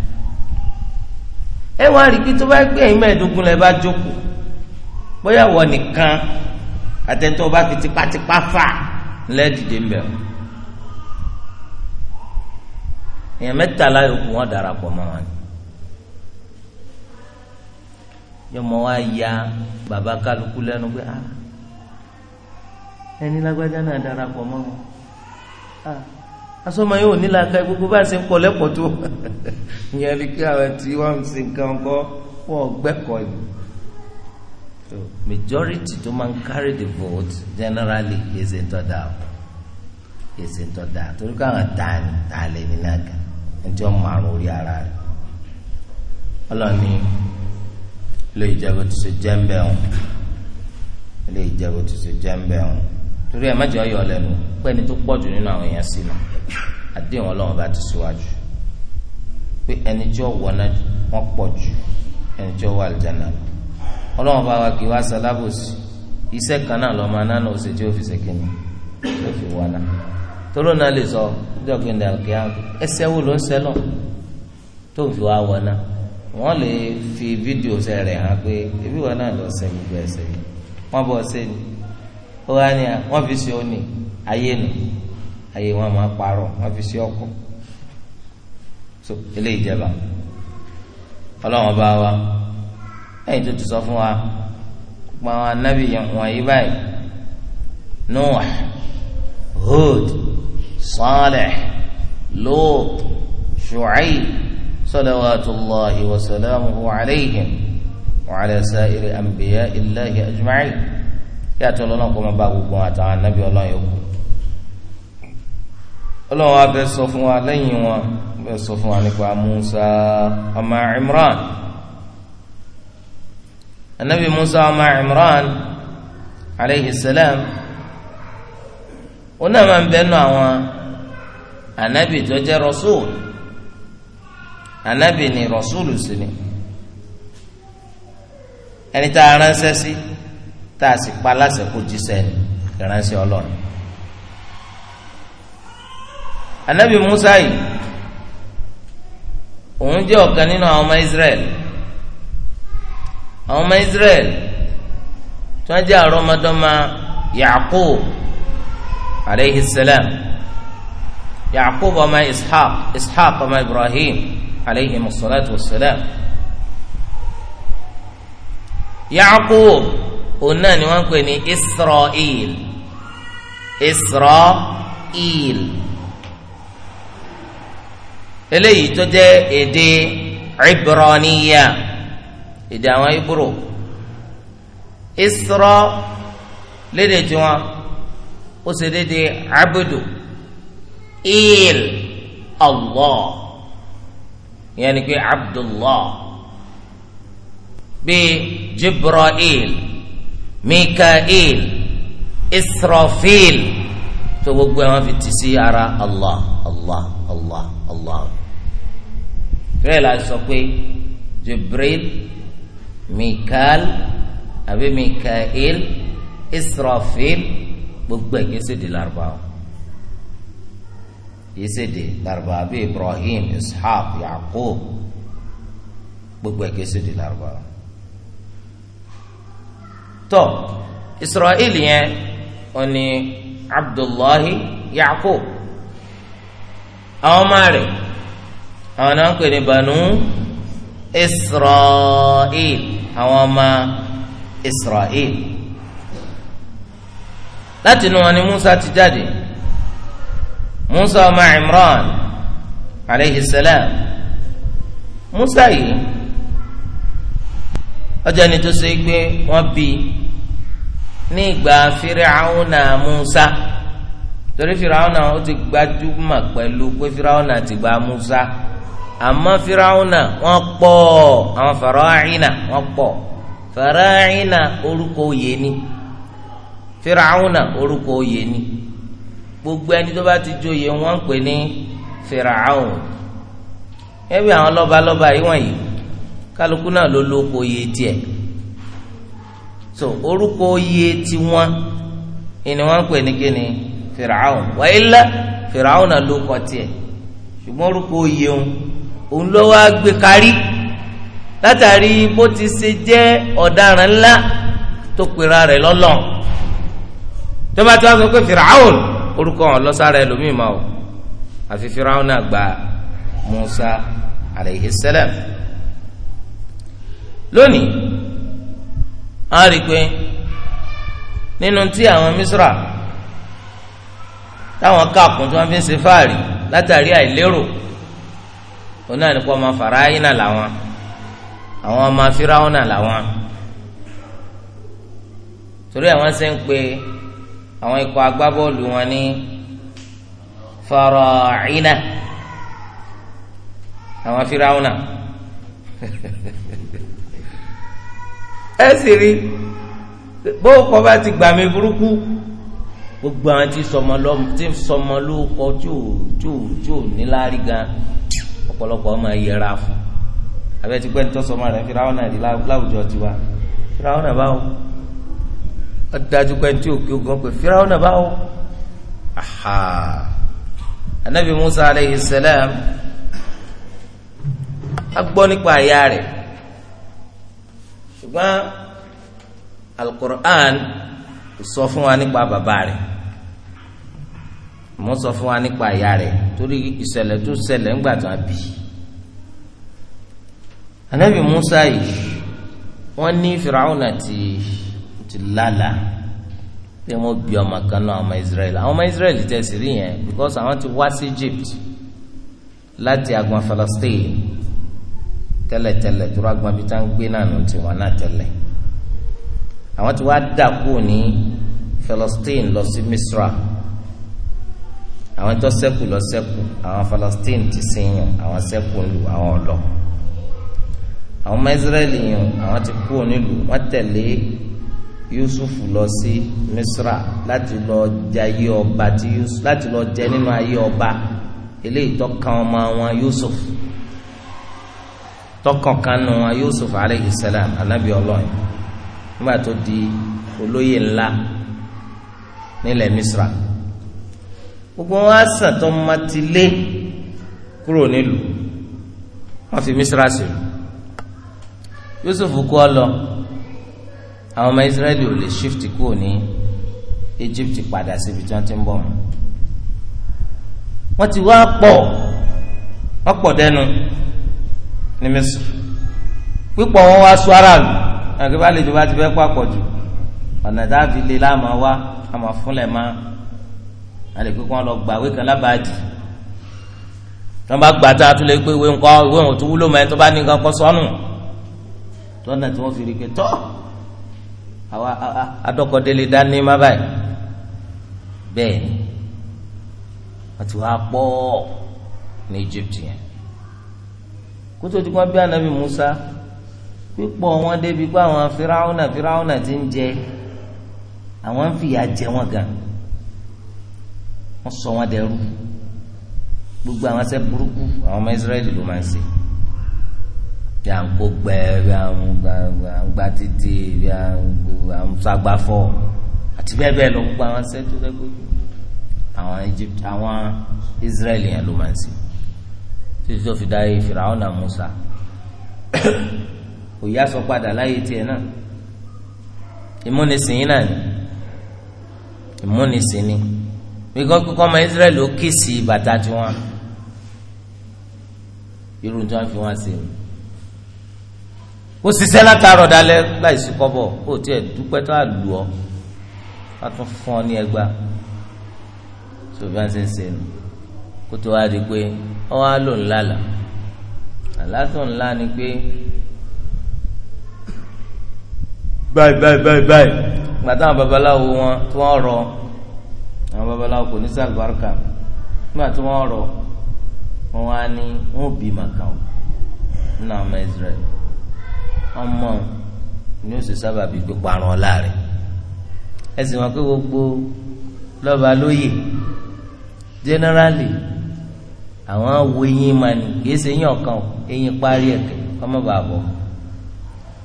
ẹ wọ́n á rí i pé tó bá gbé ẹ̀yin mẹ́ẹ̀ẹ́dógún lẹ bá jókòó bóyá wọ nìkan àtẹ̀ntọ́ bá fi tipátipá fà lẹ́ẹ̀dìde ń bẹ̀rù èèyàn mẹ́tàlá yòókù wọn darapọ̀ mọ́ wọn. yọmọ wa ya bàbá kálukú lẹ́nu pé ah ẹni lágbájá náà darapọ̀ mọ́ wọn ah asọ́mọ yóò nílà ká gbogbo bá a ṣe ń kọ́ lẹ́pọ̀ tó ìyẹn ni kí àwọn tí wọ́n ń ṣe nǹkan kọ́ wọ́n gbẹ́kọ̀ọ́ ìlú. majority tó máa ń carry the vote generally is in tọ́da is in tọ́da torí káwọn tà ní tà lẹ́ni ẹjọ́ márùn orí ara rẹ̀ ọlọ́ni ilé ìjẹ́bù ti ṣe jẹ́ńbẹ̀ ọ̀hún ilé ìjẹ́bù ti ṣe jẹ́ńbẹ̀ ọ̀hún torí ẹ̀ mẹ́jọ yọ lẹ́nu pé ẹni tó pọ̀jù nínú àwọn èèyàn sí nù àdéhùn ọlọ́run bá ti síwájú pé ẹni tí ó wọ náà wọ́n pọ̀ jù ẹni tí ó wà àlùjáná lọ ọlọ́run bá wa kì í wá sálábòsì iṣẹ́ kan náà lọ́ọ́ máa náà lọ́ọ́ tí ó fi ṣe kíni tó fi wá náà. toro náà lè sọ ọjọ́ gbẹ̀ndẹ̀ àlùkìyà ẹsẹ̀ wo ló ń sẹ́lọ̀ tó fi wá wọ̀ náà wọ́n lè fi fídíò sẹ́ rẹ̀ hàn pé ebi wọn náà lọ sẹ́ gbogbo ẹsẹ̀ yìí wọ́n bọ̀ ṣe ni ó wá ní à wọ́n fi ṣe ayé ayé wọn máa fi so bá wa tó ti sọ fún wa báyìí صالح لوط شعيب صلوات الله وسلامه عليهم وعلى سائر انبياء الله اجمعين يا ترى لكم باب ابو عطاء النبي الله يقول الله عبد الصفوان لن يوان موسى اما عمران النبي موسى اما عمران عليه السلام òun náà máa ń bẹnu àwọn ànábì tó jẹ́ rọ́súl ànábì ni rọ́súl sì ni ẹni tá a ránṣẹ́ sí tá a sì pa aláṣẹ kó jíṣẹ́ ìránṣẹ́ ọlọ́run ànábì Musa yìí òun jẹ́ ọ̀kan nínú àwọn ọmọ Israel àwọn ọmọ Israel tí wọ́n jẹ́ àrọ́mọdọ́mọ Yaakub. عليه السلام يعقوب وما إسحاق إسحاق وما إبراهيم عليهم الصلاة والسلام يعقوب قلنا نوانكني إسرائيل إسرائيل إلي تجي إدي عبرانية إدي عبرو إسرائيل لدي Isra ó ṣe déédéé abudu il allah ìyẹn ni pé abdullah bíi jibra'il mikael israfil tó gbogbo ẹ̀ wọ́n fi tì sí ara allah allah allah allah bẹ́ẹ̀ la sọ pé jibril mikael àbí mikael israfil gbogbo ẹ̀ kí ṣèdè Lárúbáwá kí ṣèdè Lárúbáwá bíi Ibrahim Ishaq Yaqub gbogbo ẹ̀ kí ṣèdè Lárúbáwá tọ Israeli yẹn oni Abdullahi Yaqub àwọn ọmọ rẹ̀ àwọn náà ń pè ní Banu Israel àwọn ọmọ Israel. láti Musa ti jáde Musa ọmọ Imran aleyhi salam Musa yi ọjà ni tó ṣe pé wọ́n bí ní Musa torí Firaona ó ti gbajúmọ̀ pẹ̀lú pé Firaona ti gba Musa àmọ́ na wọ́n pọ̀ àwọn Faraina wọ́n pọ̀ Faraina orúkọ fìràwùnà orúkọ oyè ni gbogbo ẹni tó bá ti joyè wọn ń pè ní fìràwùn ẹbí àwọn lọ́ba lọ́ba yìí kálukú náà ló so orúkọ oyè tiwọn ìní wọn ń pè ní kíni fìràwùn wáyé lẹ fìràwùn ló kọ tiẹ̀ ṣùgbọ́n orúkọ oyè òun òun ló wá gbé kárí látàrí bó ti ṣe jẹ́ ọ̀daràn ńlá tó pera rẹ̀ tọ́ba tí wọ́n sọ pé firaun orúkọ wọn lọ́sára ẹlòmíì máa o àfi firaun náà gba Musa alayhi salam lónìí a rí i pé nínú tí àwọn Misra táwọn káàkùn tí wọ́n fi ń ṣe fáàrí látàrí àìlérò òun náà nípa ọmọ fàráyìn làwọn àwọn ọmọ firaun náà làwọn torí àwọn ṣe ń pe àwọn ikọ̀ agbábọ́ọ̀lù wọn ní fara'ina àwọn firawuna ẹ sì rí bó kọ́ bá ti gbà mí burúkú gbogbo àwọn tí sọmọ lọ tí sọmọ ló kọ tí ò tí ò tí ò níláárí gan ọ̀pọ̀lọpọ̀ ọmọ yẹra fún abẹ́tí pẹ́ńtọ́ sọmọ rẹ̀ firawuna láwùjọ tiwa firawuna báwo ọdájú pé tí òkè ogun pé firawo náà báwo aha anabi musa aleyhi salam a gbọ́ nípa àyà rẹ̀ ṣùgbọ́n alukur'an sọ fún wa nípa bàbá rẹ̀ mo sọ fún wa nípa àyà rẹ̀ torí ìṣẹ̀lẹ̀ tó ṣẹlẹ̀ ńgbà tó a bì anabi musa yìí wọ́n ní firawo náà ti ti lálà pé wọ́n bí ọmọ kan náà ọmọ Israel àwọn ọmọ Israel tẹ̀sí rí yẹn because àwọn ti wá sí Egypt láti agbọn Palestine tẹ́lẹ̀tẹ́lẹ̀ tó agbọn bí tá ń gbé náà nù tiwọn náà tẹ́lẹ̀ àwọn ti wá dàkú ní Palestine lọ sí Misra àwọn tó ṣẹ́kù lọ ṣẹ́kù àwọn Palestine ti sèyàn àwọn ṣẹ́kù ń lu àwọn ọlọ àwọn ọmọ Israẹli yàn àwọn ti kú nílùú wọn tẹ̀lé yusuf lọ sí misra láti lọ jayé ọba tí yusuf láti lọ jẹ nínú ayé ọba eléyìí tọkàn ọmọ wọn yusuf tọkàn kanu wọn yusuf aleyhi salam anabi ọlọrin nígbà tó di olóyè ńlá nílẹ̀ misra gbogbo wọn sàn tó má ti lé kúrò nílùú wọn fi misra sí yusuf kú ọ lọ àwọn ọmọ Israẹli ò lè shift kúrò ní Egypt padà síbi tí wọ́n ti ń bọ̀ mọ́ wọ́n ti wá pọ̀ wọ́n pọ̀ dẹnu ní Misr pípọ̀ wọn wá sọ aráàlú àgbẹ̀ bá lè jọba ti fẹ́ pàpọ̀ jù ọ̀nà dáàbí lè láàmú wá àmọ́ fúnlẹ̀ máa alẹ́ pé kí wọ́n lọ gbàwé kan lábàádì tọ́ bá gbà tá a tún lè pé ìwé ńkọ́ ìwé òtún wúlò mọ́ ẹ tó bá ní nǹkan kọ́ sọ́nù tọ́nà tí wọ́n fi rí i tọ́ àwa adọ́kọ̀délé dání má báyìí bẹ́ẹ̀ ni wọ́n ti wá pọ̀ ní Egypt yẹn kótó tí wọ́n bí anabi Musa pípọ̀ wọn débi pé àwọn firawuna firawuna ti ń jẹ àwọn ń fìyà jẹ wọn sọ wọn gbogbo àwọn ase burúkú àwọn ọmọ Israẹli ló bí à ń kó gbẹ bí à ń gba títì bí à ń sagbáfọ̀ àti bẹ́ẹ̀ bẹ́ẹ̀ lọ gbogbo àwọn sẹ́tù rẹ àwọn Egypt àwọn Israeli yẹn ló máa ń sè títí tó fi dáyé Fìràwọn náà Musa kò yá sọ padà láyé tiẹ̀ náà ìmúnisìn yín náà ni ìmúnisìn ni bíkọ́ kíkọ́ ọmọ Israẹli ó kí sí bàtà tiwọn irú tí wọ́n fi wọ́n ṣe ni ó ṣiṣẹ́ látàárọ̀ dalẹ́ láìsí kọ́bọ̀ ó tiẹ̀ dúpẹ́ tó àlù ọ́ wọ́n tún fún ọ ní ẹgbàá tó bá ń ṣe ń ṣe nù kó tó wá di pé ọ wá lò ńlá là àlá tó ńlá ni pé báyìí báyìí báyìí báyìí gbàtà àwọn babaláwo wọn tí wọ́n rọ àwọn babaláwo kò ní sàlùbáríkà nígbà tí wọ́n rọ wọn wá ní wọn ò bí màkà ó nínú àwọn ọmọ Israẹli ọmọ ni ó sì sábà bí gbogbo àrùn ọ̀la rẹ̀ ẹ sì mọ̀ pé gbogbo lọ́ba lóye generally àwọn wo eyín ma ni kìí ṣe eyín ọ̀kan eyín parí ẹ̀kẹ́ ọmọ bàbọ̀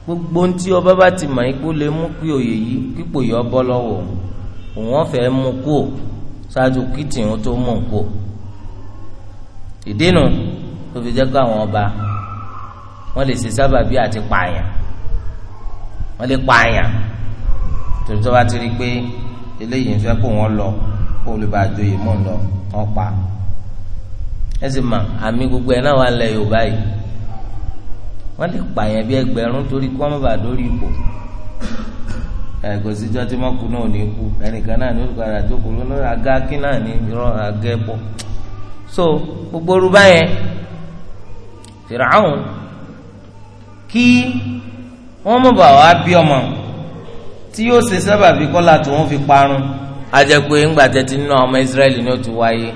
gbogbo ntí ọba bá ti mọ̀ ikú lè mú kí òye yìí kíkò yọ bọ́ lọ́wọ́ òun òun ọ̀fẹ́ mú kú ò ṣáájú kìtìhún tó mú kú ò ìdínú tó fi jẹ́ kó àwọn ọba wọ́n lè ṣe sábàbí àti pààyàn wọ́n lè pààyàn torí tó bá ti rí i pé eléyìí ń fẹ́ kó wọ́n lọ kó lè bá ń lọ wọ́n pa ẹ sì mà àmì gbogbo ẹ̀ náà wà lẹ̀ Yorùbá yìí wọ́n lè pààyàn bí ẹgbẹ̀rún torí kí wọ́n má bàa dórí ipò ẹ̀gọ́sí jọ tí mọ́kù náà ní ikú ẹnìkan náà ní olùkọ́ àrà lọ́nà àga kí náà ní irọ́ àgẹ́ so gbogbo orúbá yẹn Fìràhùn kí wọ́n mọ̀ bá wàá bí ọmọ tí yóò ṣe sábà bí kọ́lá tó wọ́n fi parun ajẹ́pẹ́ ńgbà tẹ́tí nínú ọmọ Ísírẹ́lì ni ó ti wáyé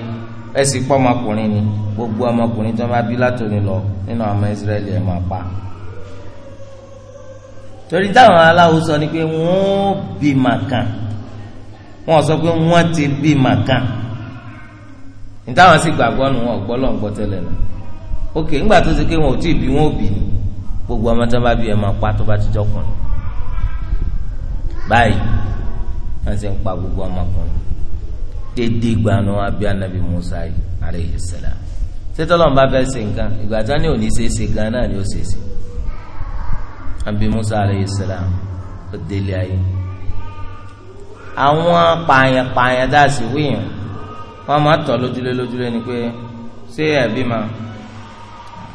ẹ̀sìn pọ́ ọmọkùnrin ni gbogbo ọmọkùnrin tó bá bí látòní lọ nínú ọmọ Ísírẹ́lì ẹ̀ máa pa torí táwọn aláwo sọ ni pé wọ́n bí màkàn wọ́n sọ pé wọ́n ti bí màkàn nítawọn sì gbàgbọ́ nù wọ́n gbọ́ lọ́ngbọ́ tẹ́lẹ̀ náà ok ńgbà tó ti pé wọn ò tí ì bí wọn ò bí ni gbogbo ọmọ tó bá bí ẹ máa pa tó bá ti jọkùnrin báyìí wọn sì ń pa gbogbo ọmọkùnrin dédé gbanu abẹ́ anabi musa yìí aleyhi salam sétọ́lọ́n bá fẹ́ ṣe nǹkan ìgbà tí wọ́n ní òní ṣe é ṣe gan náà ni ó ṣe ṣe anabi musa aleyhi salam ó délé ayé àwọn pààyàn pààyàn dá sí wíyàn wọn máa tọ̀ lójúlé lójúlé ni pé ṣé ẹ̀bí ma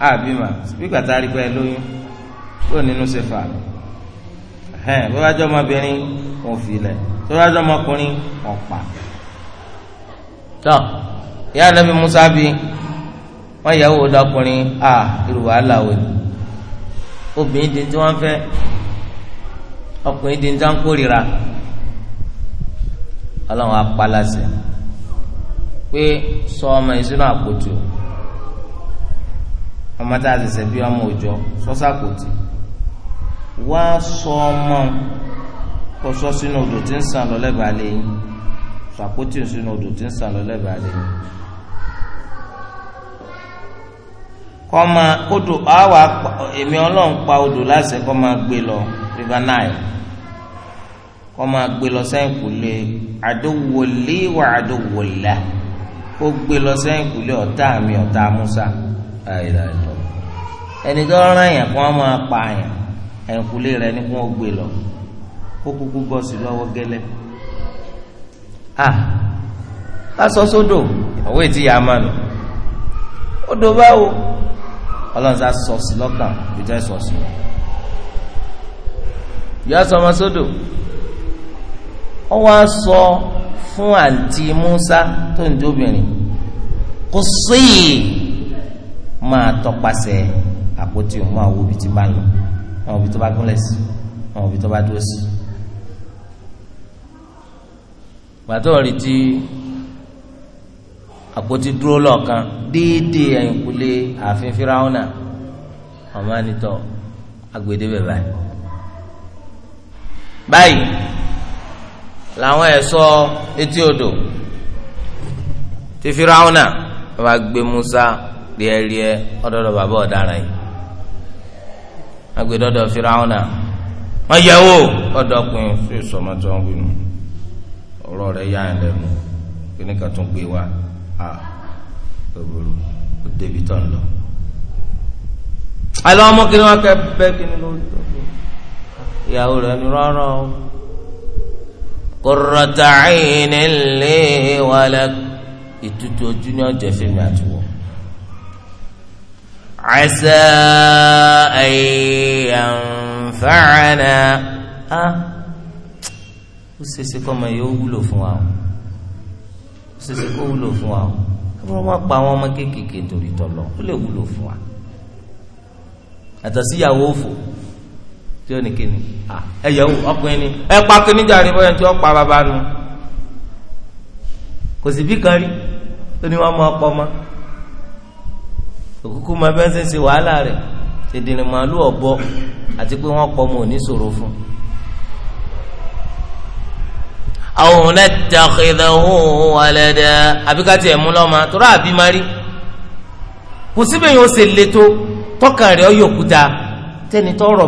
àbí ma bí gbàtà rí pé lóyún. kúrò nínú sífà ẹ̀hẹ́n bí wọ́n ọmọbìnrin wọn fi lẹ̀ tí wọ́n ọmọkùnrin wọn pa. tọ́ ìyá Musa bí wọ́n yẹ owó dọkùnrin à irú wàhálà wò obìnrin di tí wọ́n fẹ́ ọkùnrin di tí wọ́n kórìíra ọlọ́run apalasẹ̀ pé sọ ọmọ yìí sínú ọmọ tá a ṣẹ̀ṣẹ̀ bí ọmọ wá sọ ọmọ kó sọ sínú odò tí ń sàn lọ lẹ́bàá lẹ́yìn sàkótì sínú odò tí ń sàn lọ lẹ́bàá lẹ́yìn. kọ́má odò àwa èmi ọlọ́run pa odò láṣẹ kọ́má gbé lọ river nile kọ́má gbé lọ sẹ́yìn kùlé àdówòlé wà àdówòlá kó gbé lọ sẹ́yìn kùlé ọ̀tá mi ọ̀tá musa ẹni rán yẹn kó wọ́n pa yẹn. a rẹ̀ ní wọ́n gbé lọ ó kúkú lọ́wọ́ gẹ́lẹ́ ah lásán sódò ìyàwó ètí yà á máa nù báwo ọlọ́run sá lọ́kàn ìjọ fún àǹtí Musa tó ń jóbìnrin kò sí máa tọpasẹ̀ àpótí òun máa wo ibi tí àwọn òbí tó bá gúnlẹ̀ sí àwọn òbí tó bá dúró sí. gbàtọ́ rí ti àpótí dúró lọ́ọ̀kan déédéé ẹ̀yìnkùlé ààfin fíráhùnà ọmọ anitọ́ agbèdébẹ̀ báyìí. báyìí làwọn ẹ̀ṣọ́ etí odò ti fíráhùnà wọ́n bá gbé Musa rí ẹ rí ẹ ọ̀dọ́dọ̀ bàbá ọ̀daràn yìí agbèdọdọ firawuna wọn yẹwò ọdọkùn sí ìsọmọtò wọn wínú ọ̀rọ̀ rẹ̀ yá ẹ lẹ́nu kíní kan tún gbé wa a òbòrò ó débi tán lọ. àlọ́ ọmọ kí ni wọ́n kẹ́ bẹ́ kí ni lórí tó kù ìyàwó rẹ̀ ni rọ́rọ́ o. ojú ni ọ̀jẹ̀ fèmí àtiwọ̀ عسى أن ينفعنا á ó ṣeéṣe kọ́ ọmọ yìí ó wúlò fún wa ó ṣeéṣe kó wúlò fún wa ó ẹgbẹ́ wọn pa àwọn ọmọ kéékèèké torí tọ̀lọ̀ ó lè wúlò fún wa àtàsíyàwó òfò tí ó ní kíni ẹ̀yẹ̀wò ọkùnrin ni ẹ pa kíní jàre bọ́yá tí ó pa nu kò sì ó ní wọn mọ ọpọ mọ́. òkúkú máa bẹ́ẹ̀ ṣe ṣe wàhálà rẹ̀ tèdèrè màálù ọ̀bọ àti pé wọ́n pọ̀ mọ́ oníṣòro fún. àwọn ẹ̀dàkẹ̀dàwọ̀ wàlẹ̀dẹ̀ ẹ̀mú lọ́mọ má rí kò síbẹ̀ yóò ṣe le tó tọkàn rẹ̀ ọ̀yọ̀ òkúta tẹ́ni tọrọ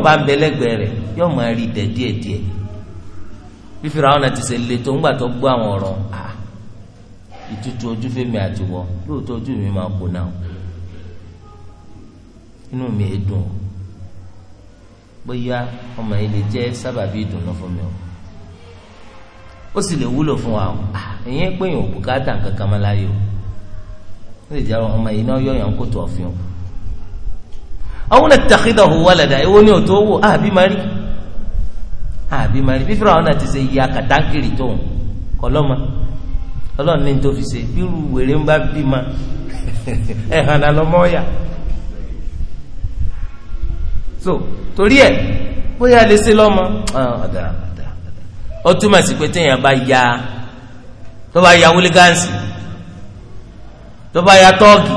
inú mi è dùn bóyá ọmọ yìí lè jẹ́ sábàbí ìdùnnú fún mi o ó sì lè wúlò fún wa ah, ìyẹn pé èèyàn ò bùkátà kankan máa láyè o ó lè jẹ́ ọmọ yìí náà yọ̀yàn ń kótó ọ̀fin o àwọn nàtàkìdà òwò wàlàdà èwo ni òtó wò àbí ah, máa rí àbí ah, máa rí fífúra àwọn àti ṣe ya kàtàkìrì tóun kọlọ́mọ ọlọ́run ní tó fi ṣe bírú wèrè ń bá bí ma ẹ̀hàn àlọ́mọ́ ọ̀yà so torí ẹ bóyá lè ṣe lọ́mọ ah, ọ̀dà ọ̀dà ó túmọ̀ sí pé téèyàn bá ya tó bá ya wúlígánsì tó bá ya tọ́ọ̀gì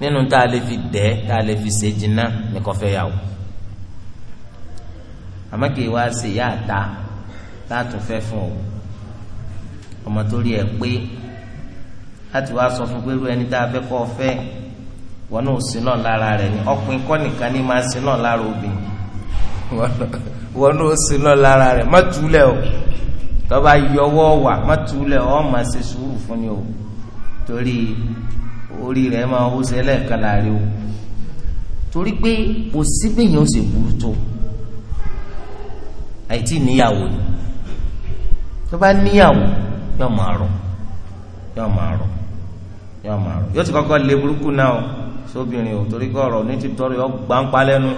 nínú tá a lè fi dẹ́ tá a lè fi ṣe jìnnà nìkan fẹ́ yà wò àmọ́ kì í wá ṣe ìyá àta látún fẹ́ fún o ọmọ tó ẹ pé láti wá sọ fún pé irú ẹni tá a fẹ́ kọ́ ọ fẹ́ wọn náà sin náà lára rẹ ni ọkùnrin kọ́ nìkan ní máa sin náà lára obìnrin wọn náà sin náà lára rẹ má túlẹ̀ o tọ́ba yọwọ́ wà má túlẹ̀ ọ́ máa ṣe sùúrù fún ni o torí orí rẹ máa wó sẹ́lẹ̀ kan láàrin o torí pé kò síbí yẹn ó sì burú tó àìtí níyàwó ni tọ́ba níyàwó yóò máa rọ yóò máa rọ yóò máa rọ yóò ti kọ́kọ́ lé burúkú náà o sóbìnrin ò torí kọ ọ̀rọ̀ ní ti tọrọ yọ gbàǹpa lẹ́nu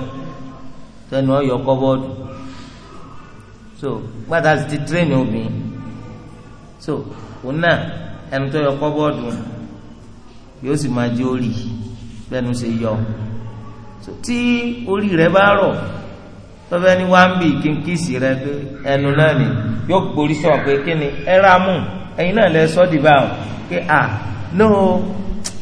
tẹnu ọyọ kọbọọdù so gbàdá ti tírẹ̀nì obìnrin so òun náà ẹnu tó yọ kọbọọdù yóò sì máa jẹ orí bẹ́ẹ̀nu ṣe yọ so tí orí rẹ bá rọ tọ́fẹ́ ní wá ń bì kínkìsì rẹ pé ẹnu náà ni yóò gborí sọ pé kí ẹ rà mú ẹyin náà lẹ sọ́ dìbà pé à lóò. No,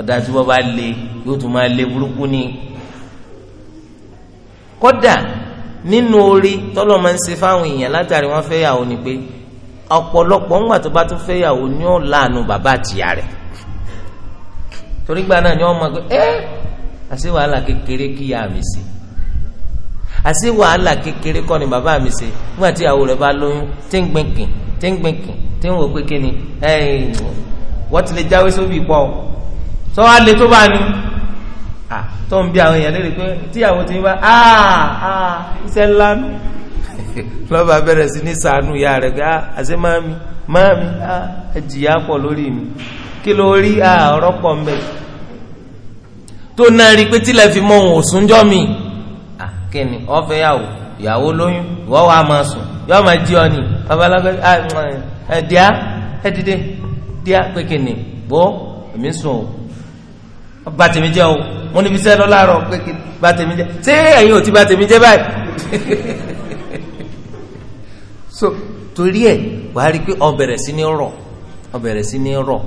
ọ̀dà tí wọ́n bá lé yóò tún máa lé burúkú ni kódà nínú orí tọ́lọ́ máa ń ṣe fáwọn èèyàn látàrí wọ́n fẹ́ yàwó ni pé ọ̀pọ̀lọpọ̀ ńgbà tó bá tún fẹ́ yàwó ni ó láàánú bàbá àtìyá rẹ̀ torí gbà náà ni wọ́n máa gbé ẹ́ àṣé wàhálà kékeré kí ya mi sí àṣé wàhálà kékeré kọ́ ni bàbá mi ṣe nígbà tí ìyàwó rẹ̀ bá lóyún tí ń gbìnkìn tí ń gbìnkìn tí ń wò pé kí ni wọ́n ti lè jáwé sóbì pọ̀ sọ wá lè tó bá ní tó ń bí àwọn èèyàn léèrè pé tíyàwó ti ń bá iṣẹ́ ńlá nù lọ́ba bẹ̀rẹ̀ sí ní sànú ìyá rẹ̀ gá àṣẹ mami mami ẹ̀jìyà pọ̀ lórí mi kí ló rí ọ̀rọ̀ pọ̀ mbẹ́ tó náà rí i pé tílẹ̀ fi mọ òun òsúnjọ́ mi kíni ọ̀fẹ́ yàwó ìyàwó lóyún ìwọ́ wa máa sùn yọ́ máa jí ọ ni babaláwo ẹ̀ díà ẹ̀ dìde díà pé kíni bó èmi sùn o bá tèmi jẹ́ o mo níbi iṣẹ́ lọ láàárọ̀ pé kí bá tèmi jẹ́ ṣé ẹ̀yin ò ti bá tèmi jẹ́ báyìí so torí ẹ̀ wàá rí i pé ó bẹ̀rẹ̀ sí ní rọ̀ ó bẹ̀rẹ̀ sí ní rọ̀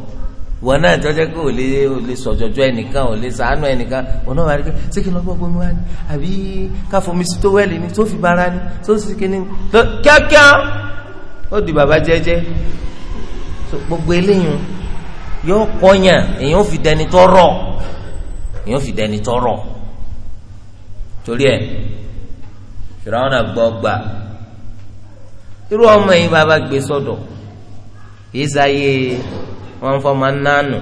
wọn náà jọjọ pé ò lè ò lè sọjọjọ ẹnìkan ò lè sàánú ẹnìkan wọn náà wà rí pé ṣé kí n lọ gbọ́ bomi wá ní àbí káfomi sí tó wẹ́ẹ̀lì ni tó fi bara ni tó sì kíní kíákíá ó di bàbá jẹ́jẹ́ gbogbo eléyìí yóò kọyàn èyàn fi dẹni tọrọ èyàn fi dẹni tọrọ torí ẹ fìràwọn àgbọ gbà irú ọmọ yìí bàbá gbé sọ́dọ̀ ìsàyè wọn fọmọ nánu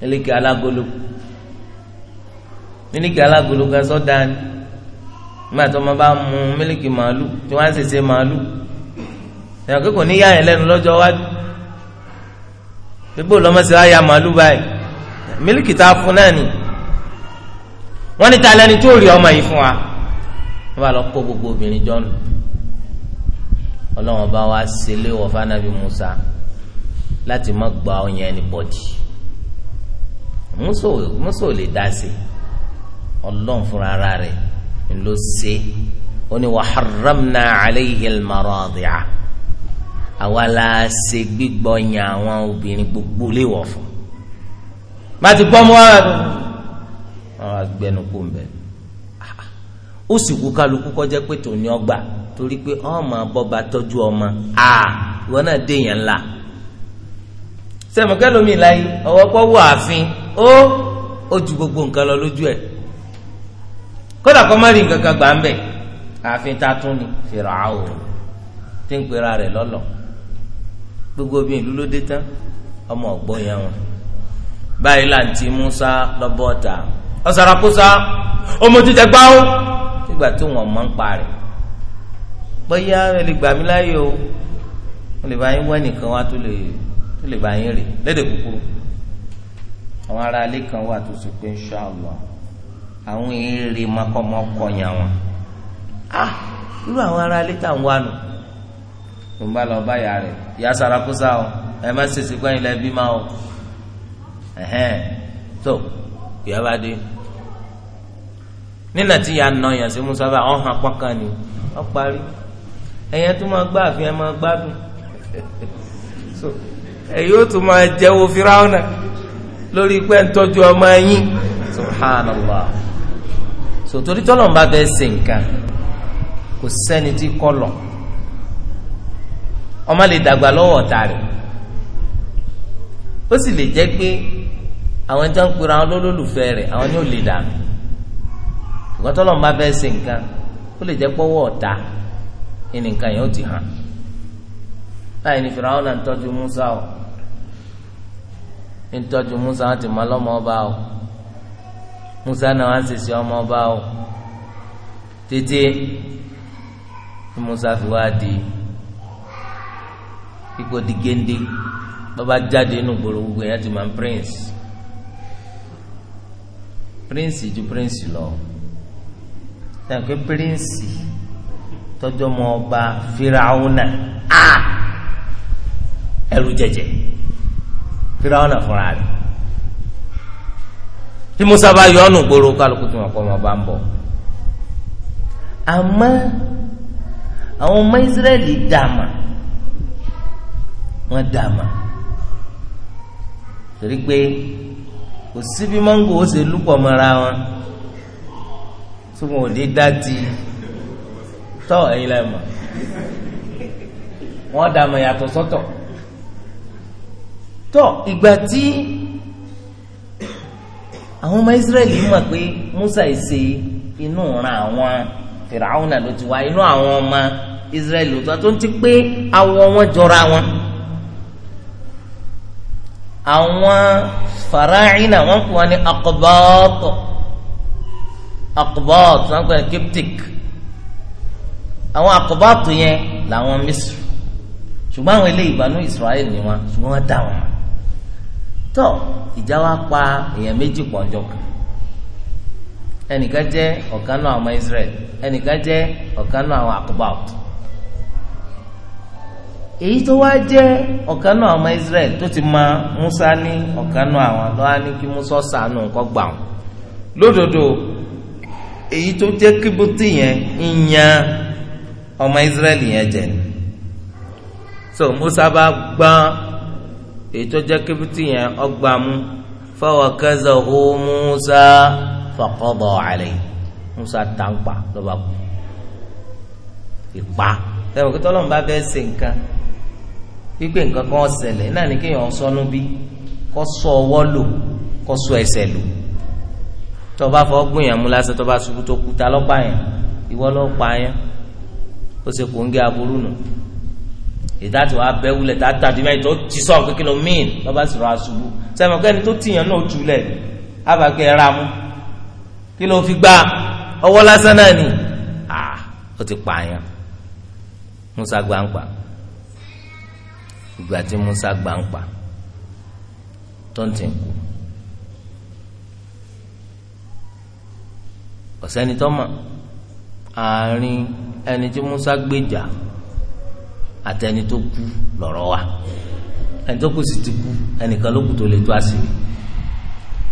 mílíkì alágolo mílíkì alágolo kan sọdá ni nígbà tó ọmọ bá mu mílíkì màálù tí wọn á sèse màálù ẹnìkan kò ní yá yẹn lẹ́nu lọ́jọ́ wájú gbogbo lọ́mọ́sí wa ya màálù báyìí mílíkì tá a fún náà ni wọ́n ní ta lẹ́ni tó rí ọmọ yìí fún wa wọ́n bá lọ kó gbogbo obìnrin jọ nù ọlọ́wọ́n bá wa sílé wọ fanabi Musa láti má gba ọyàn ẹni bọ́dì Musa ò lè dá sí ọlọ́run fúnra ara rẹ̀ ló ṣe ó ní wa harramna alayhi al-maradi'a àwa la ṣe gbígbọ́ yan àwọn obìnrin gbogbo léwọ̀ fún má ti gbọ́ mọ́ ara tó àwọn agbẹnukú ń bẹ ó sì kú kálukú kọjá pé tòun ni ọgbà torí pé ọmọ bọba tọ́jú ọmọ à wọn náà déèyàn ńlá sẹmùkẹ́ lómi láyé ọwọ́ pọ̀ wọ ààfin ó ó ju gbogbo nǹkan lọ lójú ẹ̀ kódà kọ́ má rí nǹkan kan gbà ń bẹ̀ ààfin tá a tún ni fìrà áwò tí ń pera rẹ̀ lọ́lọ́ọ̀ gbogbo bí ìlú ló dé tán ọmọ ọgbọ yẹn wọn báyìí láǹtí musa lọbọ ọta ọsàràkúsà ọmọ títẹ gbáwó nígbà tí wọn mọ ń parẹ bóyá ẹ gbà mí láàyè o wọn lè bá yín wọ ẹnìkan wá tó lè tó lè bá yín rè lédè kúkúrú àwọn ará ilé kan wà tó sì pé inshallah àwọn èrè mọkànmọkàn yàn wọn ah irú àwọn ará ilé tá à ń wá nù tó ń bá lọ bá ìyá rẹ̀ ìyá sàràkúsà o ẹ má ṣèṣì pé ilẹ̀ bí ma o ẹ̀hẹ́n tó ìyá bá dé nínà tí ìyá nà yàn musa bá ọ̀hún apọ́kàn ni ó parí ẹ̀yẹn tó máa gbá àfihàn máa gbádùn ẹ̀yìn ó tún máa jẹ́wọ́ fíráwọ́nà lórí pé ń tọ́jú ọmọ ẹ̀yìn subhanallah So tọ́lọ̀ ń bá fẹ́ ṣe nǹkan kò sẹ́ni tí kọ́ lọ ọmọ lè dàgbà lọ́wọ́ ọ̀tá rẹ̀ ó sì lè jẹ́ pé àwọn ẹjọ́ ń pera àwọn olólùfẹ́ rẹ̀ àwọn ni ó lè dànù ṣùgbọ́n tọ́lọ́ bá fẹ́ ṣe nǹkan ó lè jẹ́ pọ́wọ́ ọ̀tá ní nǹkan yẹn ó ti hàn báyìí ni Fìràwọn náà ń tọ́jú Musa o ń tọ́jú Musa wọn ti mọ ọlọ́mọ ọba o Musa náà wọn sì ṣe ọmọ ọba o títí Musa fi wá di kíkó di gende, bàbá jáde inú gbòòrò gbogbo yẹn ti máa ń prince prince ju prince lọ sẹ́yìn pé prince tọ́jọ́ mọ ọba firawuna a ẹrù jẹjẹ firawuna fúnra rẹ̀ tí musa bá yọ ọ́nù gbòòrò kálukú tí wọn kọ́ ọmọ bá ń bọ̀ àmọ́ àwọn ọmọ israẹli dààmà wọ́n dà mà torí pé kò sí bí mọ́ngò ó ṣe lúpọ̀ mọ́ra wọn tí wọn ò ní dá ti tọ́ ẹ̀yin lẹ́ mọ̀ wọ́n dà mà yàtọ̀ sọ́tọ̀ tọ́ ìgbà tí àwọn ọmọ Ísírẹ́lì mọ̀ pé Musa ìṣe inú ran àwọn Fìràwọ́nà ló ti wá inú àwọn ọmọ Ísírẹ́lì tó tó ń ti pé awọ wọn jọra wọn àwọn faraina wọn kò wọn ní akọbọọtọ akọbọọtọ wọn kò wọn àwọn yẹn làwọn Misr ṣùgbọ́n àwọn ilé ìbànú Israel ni wọn ṣùgbọ́n wọn dà wọn tọ ìjà wa pa èèyàn méjì ẹnìkan jẹ́ ọ̀kan àwọn Israel ẹnìkan jẹ́ ọ̀kan náà àwọn èyí tó wá jẹ́ ọ̀kan náà ọmọ Israel tó ti ma Musa ní ọ̀kan náà àwọn lọ́wọ́ ní kí Musa sànù nǹkan gbà wọn lódodo èyí tó jẹ́ kíbútì yẹn ń ọmọ Israel yẹn jẹ ni so Musa bá gbọ́n èyí tó jẹ́ kíbútì yẹn ọgbà ó Musa fọkọ́bọ̀ Musa tàǹpà lọ́ba kú ìpa tẹ̀wọ̀n kí tọ́lọ́mù bá fẹ́ wípé nǹkan kan ṣẹlẹ̀ náà ní kéèyàn sọnù bí kó sọ ọwọ́ lò kó sọ ẹsẹ̀ lò tó bá fọ́ gún yàn mú lásán tó bá ṣubú tó kú ta lọ́pàá yàn ìwọ lọ́pàá yàn ó ṣe kò ń gé aburú nù ìdájọ́ abẹ́wulẹ̀ tá a tàbí mẹ́rin tó ti sọ kékeré ló míìn lọ́ba sọ̀rọ̀ àṣubú sẹ́mi ọ̀gá ẹni tó tìyàn náà jùlẹ̀ abàgbé ẹ̀rá mu kí fi gbá ọwọ́ lásán náà ni ah, ó ti pààyàn musa gbàǹgbà ìgbà tí Musa gbà ń pa tó ń tì ń kú ọ̀sẹ́ni tó mọ̀ àárín ẹni tí Musa gbèjà àtẹni tó kú lọ́rọ̀ wa ẹni tó kù sì ti kú ẹnìkan ló kù tó lè tó àṣírí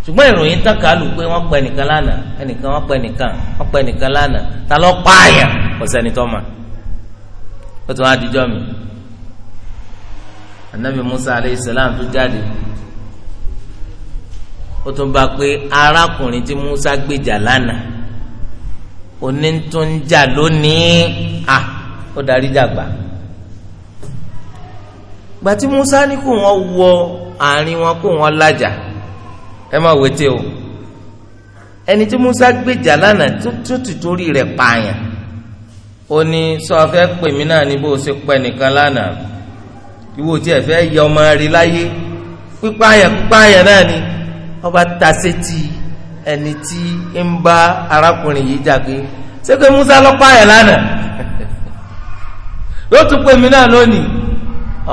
ṣùgbọ́n ìròyìn tán kàálù pé wọ́n pa ẹnìkan lánàá ẹnìkan wọ́n pa ẹnìkan wọ́n pa ẹnìkan lánàá ta ló pààyàn ọ̀sẹ́ni tó mọ̀ ó ti wá dijọ́ mi anabi musa aleyhi salam tó jáde ó tún bá pé arákùnrin tí musa gbèjà lánàá onítúnjà lónìí à ó darí dàgbà gbàtí musa ní kó wọn wọ àárín wọn kó wọn lájà ẹ má wété o ẹni tí musa gbèjà lánàá tó ti torí rẹ̀ pààyàn ó ní sọ fẹ́ pèmí náà ní bó o ṣe pẹ́ nìkan lánàá ìwọ tí ẹ fẹ́ yẹ ọmọ rẹ láyé pípáyà pípáyà náà ni ọba tasétì ẹni tí ń bá arákùnrin yìí jàgbé ṣé pé Musa lọ páyà lánàá yóò tún pè mí náà lónìí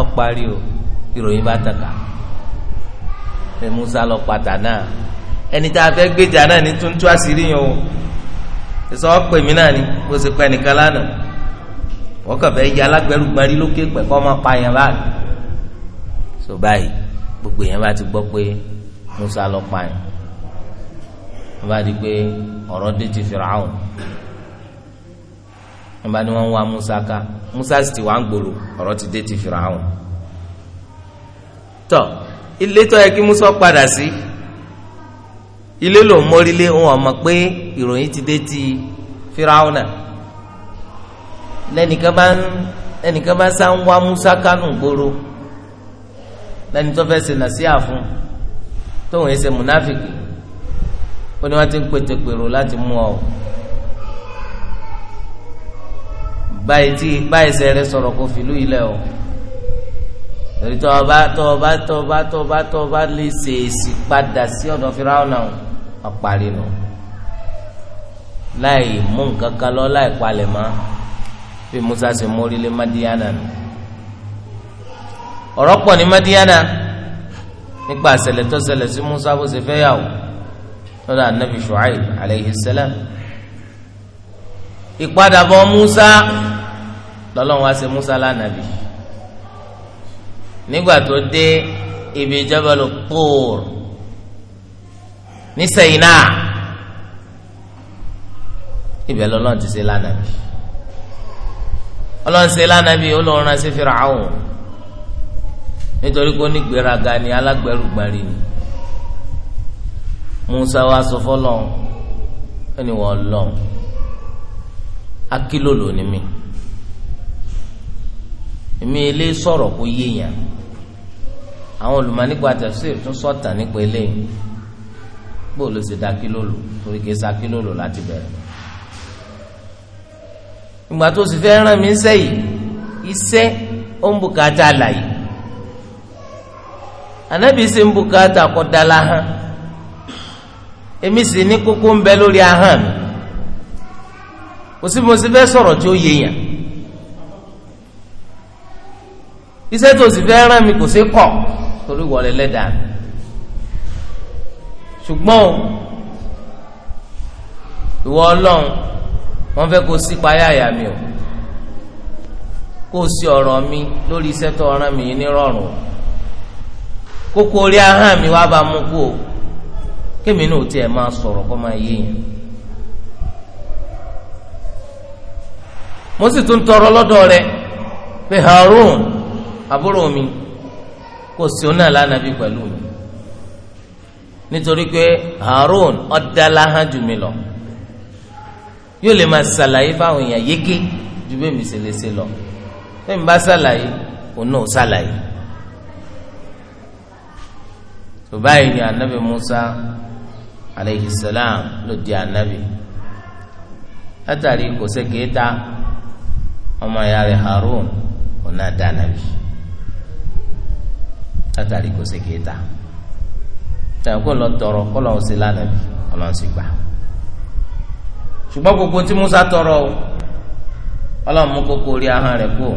ọparí o ìròyìn bá tàkà ẹ Musa lọ pàtà náà ẹni tá a fẹ́ gbèjà náà ní tuntun àṣírí yẹn o ìsọ pè mí náà ni kó o sì pẹ́ nìkan lánàá wọ́n kàn fẹ́ yí alágbẹ̀rù gbarí lókè pẹ̀ kọ́ máa pa yẹn báyìí so báyìí gbogbo yẹn bá ti gbọ́ pé Musa lọ pa yẹn wọ́n bá di pé ọ̀rọ̀ dé ti Firaun wọ́n bá ní wọ́n ń wá Musa ká Musa sì ti wá ń gbòòrò ọ̀rọ̀ ti dé ti Firaun tọ́ ilé tó yẹ kí Musa padà sí ilé lòún mọ́rílé wọn ò mọ̀ pé ìròyìn ti dé ti Firaun náà lẹ́nìkan bá ń lẹ́nìkan bá ń sá ń wá musa kánú gbòòrò lẹ́ni tó fẹ́ ṣe nàṣíà fún tóun ẹsẹ̀ múnáfìkì ó ní wọ́n ti ń pètèpèrò láti mú ọ báyìí tí báyìí sẹ́rẹ̀ sọ̀rọ̀ kó fìlú ilẹ̀ o torí tó o bá tó o bá tó o bá tó lè ṣe èsì padà sí ọ̀dọ̀ Fíráúnà ọ̀parí nù láì mú nǹkan kan lọ láì palẹ̀ mọ́ bí Musa ṣe mórí lé Madiana nù ọ̀rọ̀ pọ̀ ní Madiana nípa àṣẹlẹ̀ tó ṣẹlẹ̀ sí Musa bó ṣe fẹ́ yàwó lọ́dọ̀ anabi Shu'aib alayhi salam ìpadàbọ̀ Musa lọ́lọ́run wá ṣe Musa lánàbì nígbà tó dé ibi Jabal Tur ní Sẹ́yìnà ibẹ̀ lọ́lọ́run ti ṣe lánàbì ọlọ́nse lánàbí olóòrán sí Fíráùn nítorí pé onígbéraga ni alágbẹrùgbàrí ni Musa wa sọ fọlọ ẹni wọn lọ akílòlò ni mi èmi ilé sọ̀rọ̀ kó yéèyàn àwọn olùmọ̀ nípa tafsir tún sọ̀tàn nípa eléyìí bóòlù sì dá kílòlò torí kìí sa kílòlò láti bẹ̀rẹ̀ ìgbà tó sì fẹ́ ràn mí sẹ́ yìí iṣẹ́ ó ń bùkátà àlàyé ànábì sì ń bùkátà kọ́dálá hàn èmi sì ní kókó ń bẹ lórí ahọ́n mi kò sí mo sì fẹ́ sọ̀rọ̀ tí ó yé yàn iṣẹ́ tó sì fẹ́ ràn mí kò sí kọ̀ torí wọlé lẹ́dàá ṣùgbọ́n ìwọ ọlọ́run. wọ́n fẹ́ kó sí payá àyà mi o kó sí ọ̀rọ̀ mi lórí iṣẹ́ tó ọ̀ràn mi ní rọ̀rùn kókó orí ahọ́n mi wá bá mú kú o kémi náà tiẹ̀ máa sọ̀rọ̀ kó máa yé yẹn. mo sì tún tọrọ lọ́dọ̀ rẹ pé Harun àbúrò mi kò sí ọ náà lánàbí pẹ̀lú mi nítorí pé Harun ọ̀dàlá hàn jù mí lọ. yóò lè máa ṣàlàyé fáwọn èèyàn yéké ju mi ṣe lè ṣe lọ bẹ́ẹ̀ mi bá ṣàlàyé òun náà ṣàlàyé. ni anabi Musa aleyhi salam ló di anabi látàrí kò sẹ́kẹ̀ẹ́ta ọmọ ìyá rẹ̀ Harun òun náà látàrí kò kọlọ tẹ̀ kó lọ tọrọ kó lọ́wọ́ sí ṣùgbọ́n gbogbo tí Musa tọrọ o ọlọ́run mú kókó orí ahọ́n rẹ̀ kú o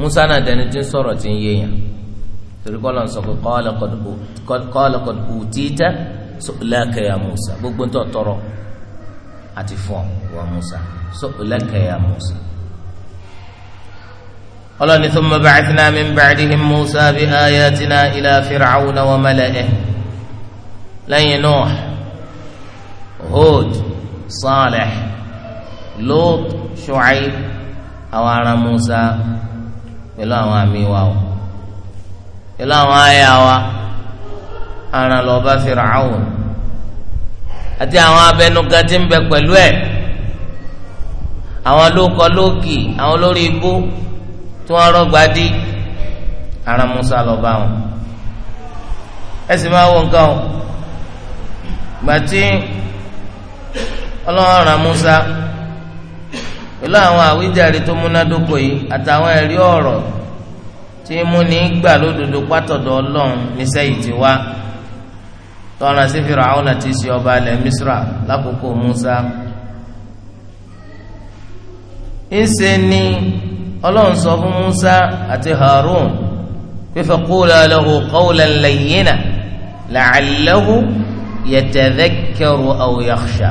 Musa náà dẹni tí ń sọ̀rọ̀ tí ń yéèyàn torí kọ́ lọ́n sọ pé qala qad utita su'laka ya Musa gbogbo ń tọ́ tọrọ àti fún ọ Musa su'laka ya Musa. قال ثم بعثنا من بعدهم موسى بآياتنا إلى فرعون وملئه لن نوح Hud Saleh Lut Shu'aib àwọn ará Musa pẹ̀lú àwọn àmì wa o pẹ̀lú àwọn àyà wa ara lọ bá àti àwọn abẹnugan tí ń bẹ pẹ̀lú ẹ̀ àwọn lóko lókì àwọn olórí ibú tí wọ́n rọ́gbà dí aràn Musa wọn ẹ sì máa wọ nǹkan o gbàtí. ọlọ́run rán Musa pẹ̀lú àwọn àwíjàre tó múnádóko yìí àtàwọn ẹ̀rí ọ̀rọ̀ tí mú ní gbà lódodo pátọ̀dọ̀ ọlọ́run níṣẹ́ yìí ti wá tọ́ra sí Firaun àti sí ọba alẹ́ Misra lákòókò Musa ńṣe ni ọlọ́run sọ fún Musa àti Harun fífẹ́ qula lahu qawlan layyina la'allahu yatadhakkaru aw yakhsha.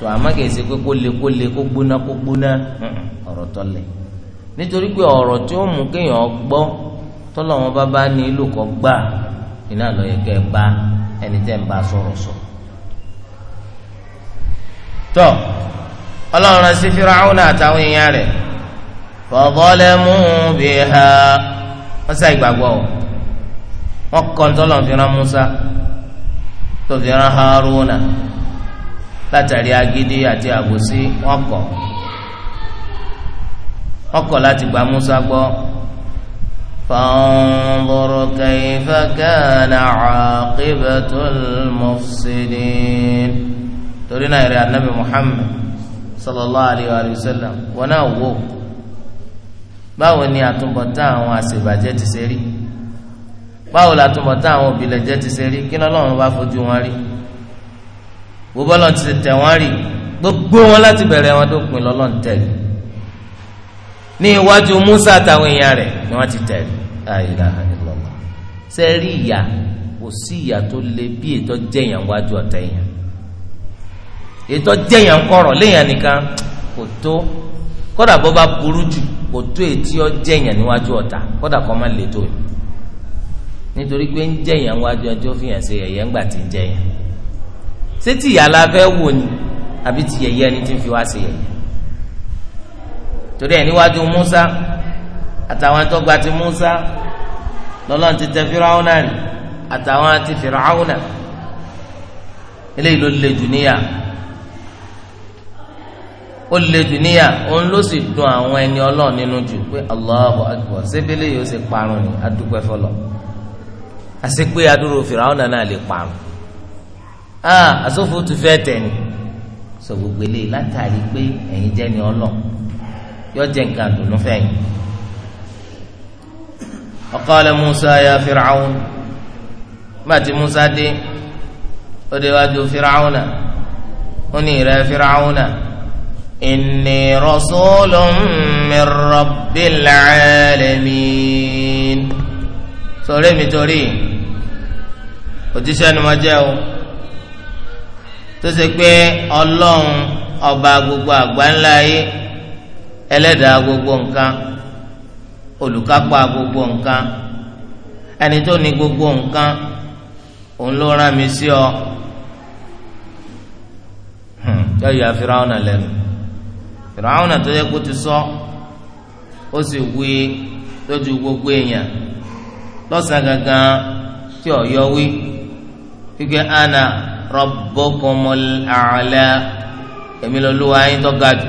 so amaghị kìí ṣe pé kó le kó le gbóná kó gbóná ọ̀rọ̀ tó lẹ̀ nítorí pé ọ̀rọ̀ tí ó mú kéèyàn gbọ́ tọ́lọ̀ wọn bá bá ní ìlú kọ́ gbà iná lọ yẹ kẹ́ ẹ ẹni tẹ́ ń bá sọ̀rọ̀ sọ. tọ́ ọlọ́run sí Fir'auna àtàwọn èèyàn rẹ̀ fadhalamu biha wọ́n Musa tó fi rán Haruna. látàrí agídí àti àbòsí wọn kọ̀ wọn kọ̀ láti gba Musa gbọ́ fanzur kayfa kana aqibatul mufsidin torí náà yẹrẹ anabi Muhammad sallallahu alayhi wa sallam wọn náà wò báwo ni àtúbọ̀tán àwọn àṣebàjẹ́ ti ṣe rí báwo làtúbọ̀tán àwọn òbílẹ̀jẹ́ ti ṣe rí kí lọ́lọ́run bá fojú wọn rí wo bọ́lọ̀ ti tẹ̀ wọ́n rì gbogbo wọn láti bẹ̀rẹ̀ wọn dópin lọ́lọ́n tẹ̀lé ní iwájú Musa àtàwọn èèyàn rẹ̀ ni wọ́n ti tẹ̀lé àyíká àyílọ́wọ́ sẹ́rí ìyá kò sí ìyá tó le bí ètò jẹ̀yàn wájú ọ̀tẹ̀ yẹn ètò jẹ̀yàn kọ̀rọ̀ léèyàn nìkan kò tó kódà bó bá burú jù kò tó ètí ọ jẹ̀yàn níwájú ọ̀tá kódà kọ́ máa le tó nítorí pé ń jẹ̀yàn wájú ọjọ́ fìyàn ṣe ẹ̀yẹ́ ńgbà tí ń jẹ̀yàn ṣé ti ìyá la fẹ́ wò ni àbí ti yẹ̀yẹ́ ẹni tí ń fi wá sí yẹ̀yẹ́ torí ẹ̀ níwájú Musa àtàwọn tó ti Musa lọ́lọ́run ti tẹ Firaona ni àtàwọn ti Firaona eléyìí ló le jù níyà ó le jù òun ló sì dùn àwọn ẹni Ọlọ́run nínú jù pé Allahu Akbar sébélé yìí ó sì parun ni adúpẹ́ fọlọ́ àṣepé adúrò Firaona náà lè parun àsòfò ah, tó fẹ́ tẹ̀lé sọ gbogbo eléyìí látàrí pé ẹ̀yin jẹ́ ni ọlọ́ yọ jẹ́ nǹkan dùnú fẹ́yìn. ọ̀kọ́lẹ̀ musa ya firaun bàtí musa dé ó dé wájú firaun náà ó ní ìrẹ́ firaun náà inni rasulun min rabbil alamin sọ̀rọ̀ torí òjíṣẹ́ ni mo jẹ́ o. tó ṣe pé ọlọ́run ọba gbogbo àgbáńlá ayé ẹlẹ́dàá gbogbo nǹkan olùkápá gbogbo nǹkan ẹni tó ní gbogbo nǹkan òun ló rán mi sí ọ hmm, yọ ya fìràwọnà lẹ́nu fìràwọnà tó yẹ kó ti sọ ó sì wí lójú gbogbo èèyàn lọ́sàn-án gangan tí ọ̀yọ́ wí ana. rabbukumul a'la èmi l'Olúwa yín tó ga jù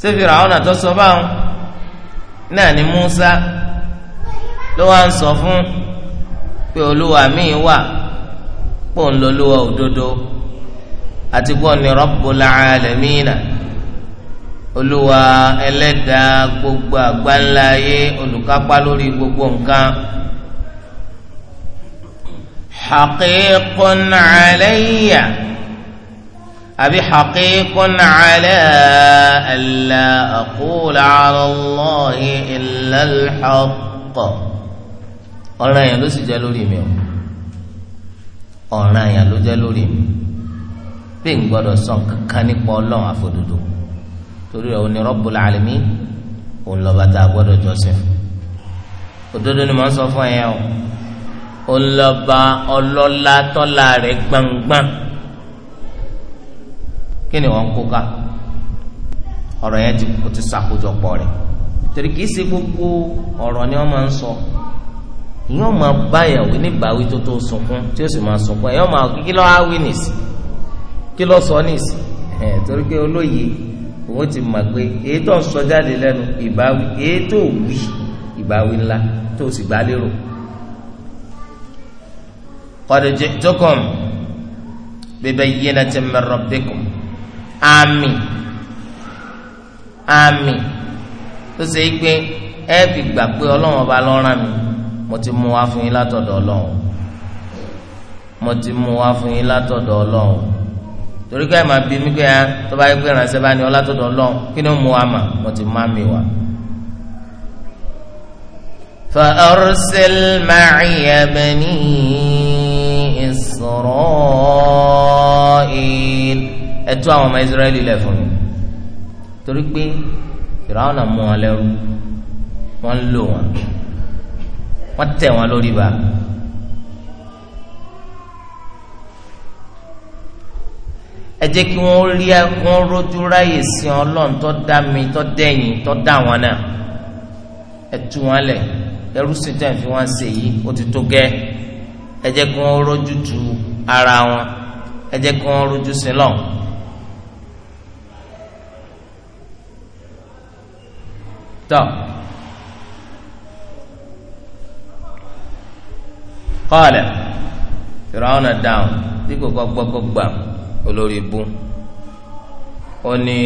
ṣé Fíráúnà tó sọ báwọn náà ni Musa ló wá ń sọ fún pé olúwa míì wà pò ń lolúwa òdodo àti pò ní Rabbul Alamina olúwa ẹlẹ́dàá gbogbo àgbáńlá ayé olùkápá lórí gbogbo nǹkan. حقيق علي أبي حقيق على ألا أقول على الله إلا الحق ọ̀ràn yẹn ló sì jẹ́ lórí mi o ọ̀ràn yẹn ló jẹ́ lórí mi bí n gbọ́dọ̀ sọ kankan nípa ọlọ́run àfòdodo torí ẹ̀ òní Rabbul Alamin òun lọ́ba tá a gbọ́dọ̀ jọ́sìn òdodo ni mò ń sọ fún ẹ yẹn o ọlọ́ba ọlọ́lá tọ́lá rẹ̀ gbangban kí ni wọ́n kó ká ọ̀rọ̀ yẹn ti kò ti sàkójọpọ̀ rẹ̀ torí kìí ṣe gbogbo ọ̀rọ̀ ni wọ́n máa ń sọ ìyẹn wọ́n máa báyàn wí nígbàwí tó tó sunkún tí ó sì máa sunkún ẹ̀yọ́ máa kí lọ́ọ́ á wí nìsí kí lọ́ọ́ sọ nìsí ẹ̀ torí pé olóye òun ti mọ̀ pé èyí tó ń sọ jáde lẹ́nu ìbáwí èyí tó wí ìbáwí ńlá tó sì gbá qad ji'tukum bibayyinatin min rabbikum آمين àmì tó ṣe é pé ẹ fi gbà pé ọlọ́run ọba lọ́ràn mi mo ti mú wá fún yín látọ̀dọ̀ ọlọ́run mo ti mú wá fún yín látọ̀dọ̀ ọlọ́run torí ká ẹ máa bí mi pé ẹ ah, tó bá yẹ pé ìrànṣẹ́ bá ní ọ látọ̀dọ̀ ọlọ́run kí ni ó mú mo ti má mi wá. fa arsil ma'iya bani isra'il ẹ tú àwọn ọmọ israẹli lẹ̀ fún mi torí pé fìràwọn náà mú wọn lẹ́rú wọ́n ń lò wọn wọ́n tẹ̀ wọn lórí ba. ẹ jẹ́ kí wọ́n rí wọ́n rójú ráyè sí ọlọ́run tó dá mi tó dẹ́yìn tó dá wọn náà ẹ tú wọn lẹ̀ ẹrú sí tẹ̀ fi wọ́n ṣe yìí ó ti tó gẹ́ ẹ jẹ́ kí wọ́n rójú tu ara wọn ẹ jẹ́ kí wọ́n rújú sí lọ. kọ́ọ̀lẹ̀ fìràwọn dáhùn bí kò kọ́ olórí ibú ó ní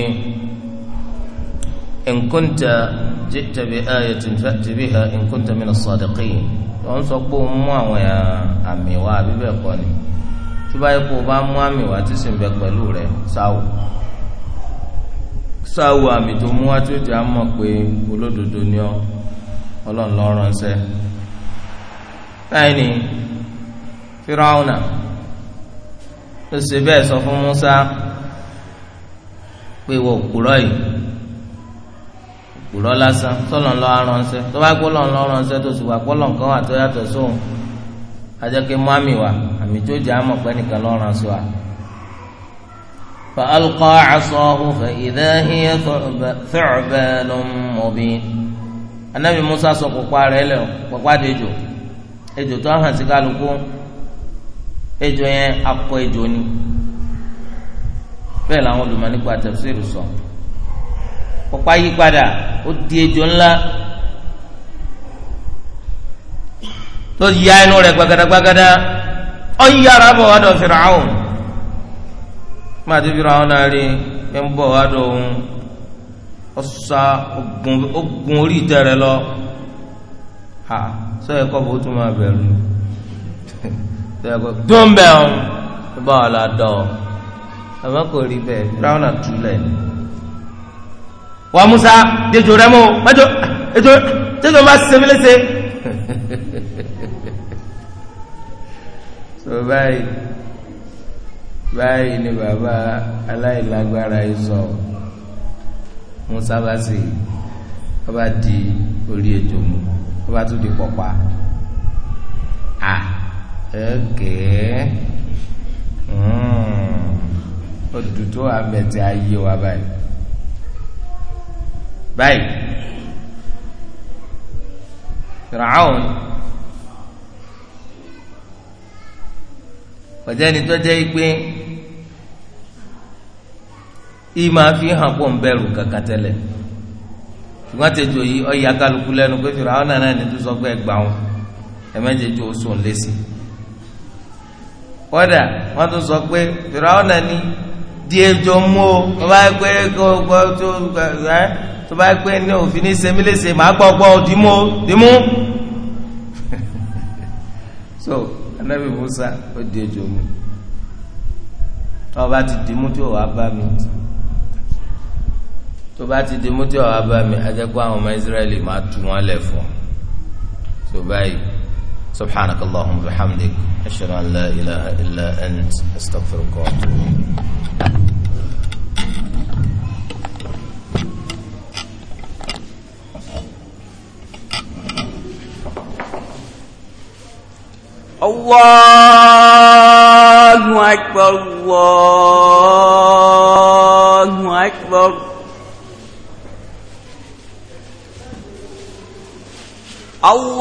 bi ayatin fati biha nkunta min as wọ́n sọ pé ó mú àwọn ni. tó bá yẹ kó o bá mú àmì wá tí sì ń bẹ pẹ̀lú rẹ sáwò sáwò àmì tó mú wá tí ó jẹ́ àmọ̀ pé olódodo ni ọ ọlọ́run lọ́ọ́ ránṣẹ́ báyìí ni firawuna ó ṣe bẹ́ẹ̀ sọ fún Musa pé wọ́n òkúrọ́ yìí òkúrọ́ lásán tọ́lọ̀ ńlọ aránṣẹ́ tó tó sì wà pọ́lọ̀ nǹkan sóhun ajẹ́kẹ́ mú àmì wa àmì tó jẹ́ àmọ̀ pé nìkan lọ́ràn sí wa. فألقى عصاه فإذا هي ثعبان مبين anabi musa sọ kókó rẹ̀ lẹ kókó adé ejò ejò tó hàn sí kálukú ejò yẹn akọ ejò ni bẹ́ẹ̀ làwọn olùmọ̀ nípa tẹfsiri sọ kókó ayípadà ó di ejò ńlá tó ya inú rẹ̀ gbagadagbagada ọ oh yára bọ̀ wá dọ̀ Firaun má Firaun náà rí ẹ ń bọ̀ wá dọ̀ òun ọ sá ogun orí ìtẹ́ lọ ha sọ yẹ kọ́ bó tún máa bẹ̀rù sọ bẹ̀ ọ́n bá wà ládọ̀ àmọ́ kò rí bẹ́ẹ̀ náà wa musa dejo rẹ mo mẹjọ ẹjọ tẹjọ ma ṣe so báyìí báyìí ni bàbá aláìlágbára yìí sọ musa bá sì ọba di orí ètò mu ọba tún di pọ̀pá à ẹ̀kẹ́ odù hmm, tó abẹ́tẹ̀ ayé wa báyìí báyìí kọjá ni tó jẹ́ ipé yìí máa fi hàn pọ̀ ń bẹ̀rù kankan tẹ́lẹ̀ ṣùgbọ́n tẹ̀jọ yìí ọ̀yà kálukú lẹ́nu pé fìrà ni tó sọ pé ẹgbà wọn ẹ̀mẹ́jẹ̀jọ oṣù ń lé sí i kọ́dà wọ́n tún sọ pé fìrà àwọn nàní di ejò mú o tó bá gbọ́ tó ẹ tó bá ní òfin ní anabi musa ó di ejò mu tọ́ba ti di mú tí ò wá bá mi tọ́ba ti di mú tí ò wá bá mi ajẹ́kọ́ àwọn ọmọ israẹli máa tu wọn lẹ̀ fún tó báyìí subhanak allahumma wa bihamdik an la ilaha illa ant astaghfiruka الله أكبر الله أكبر الله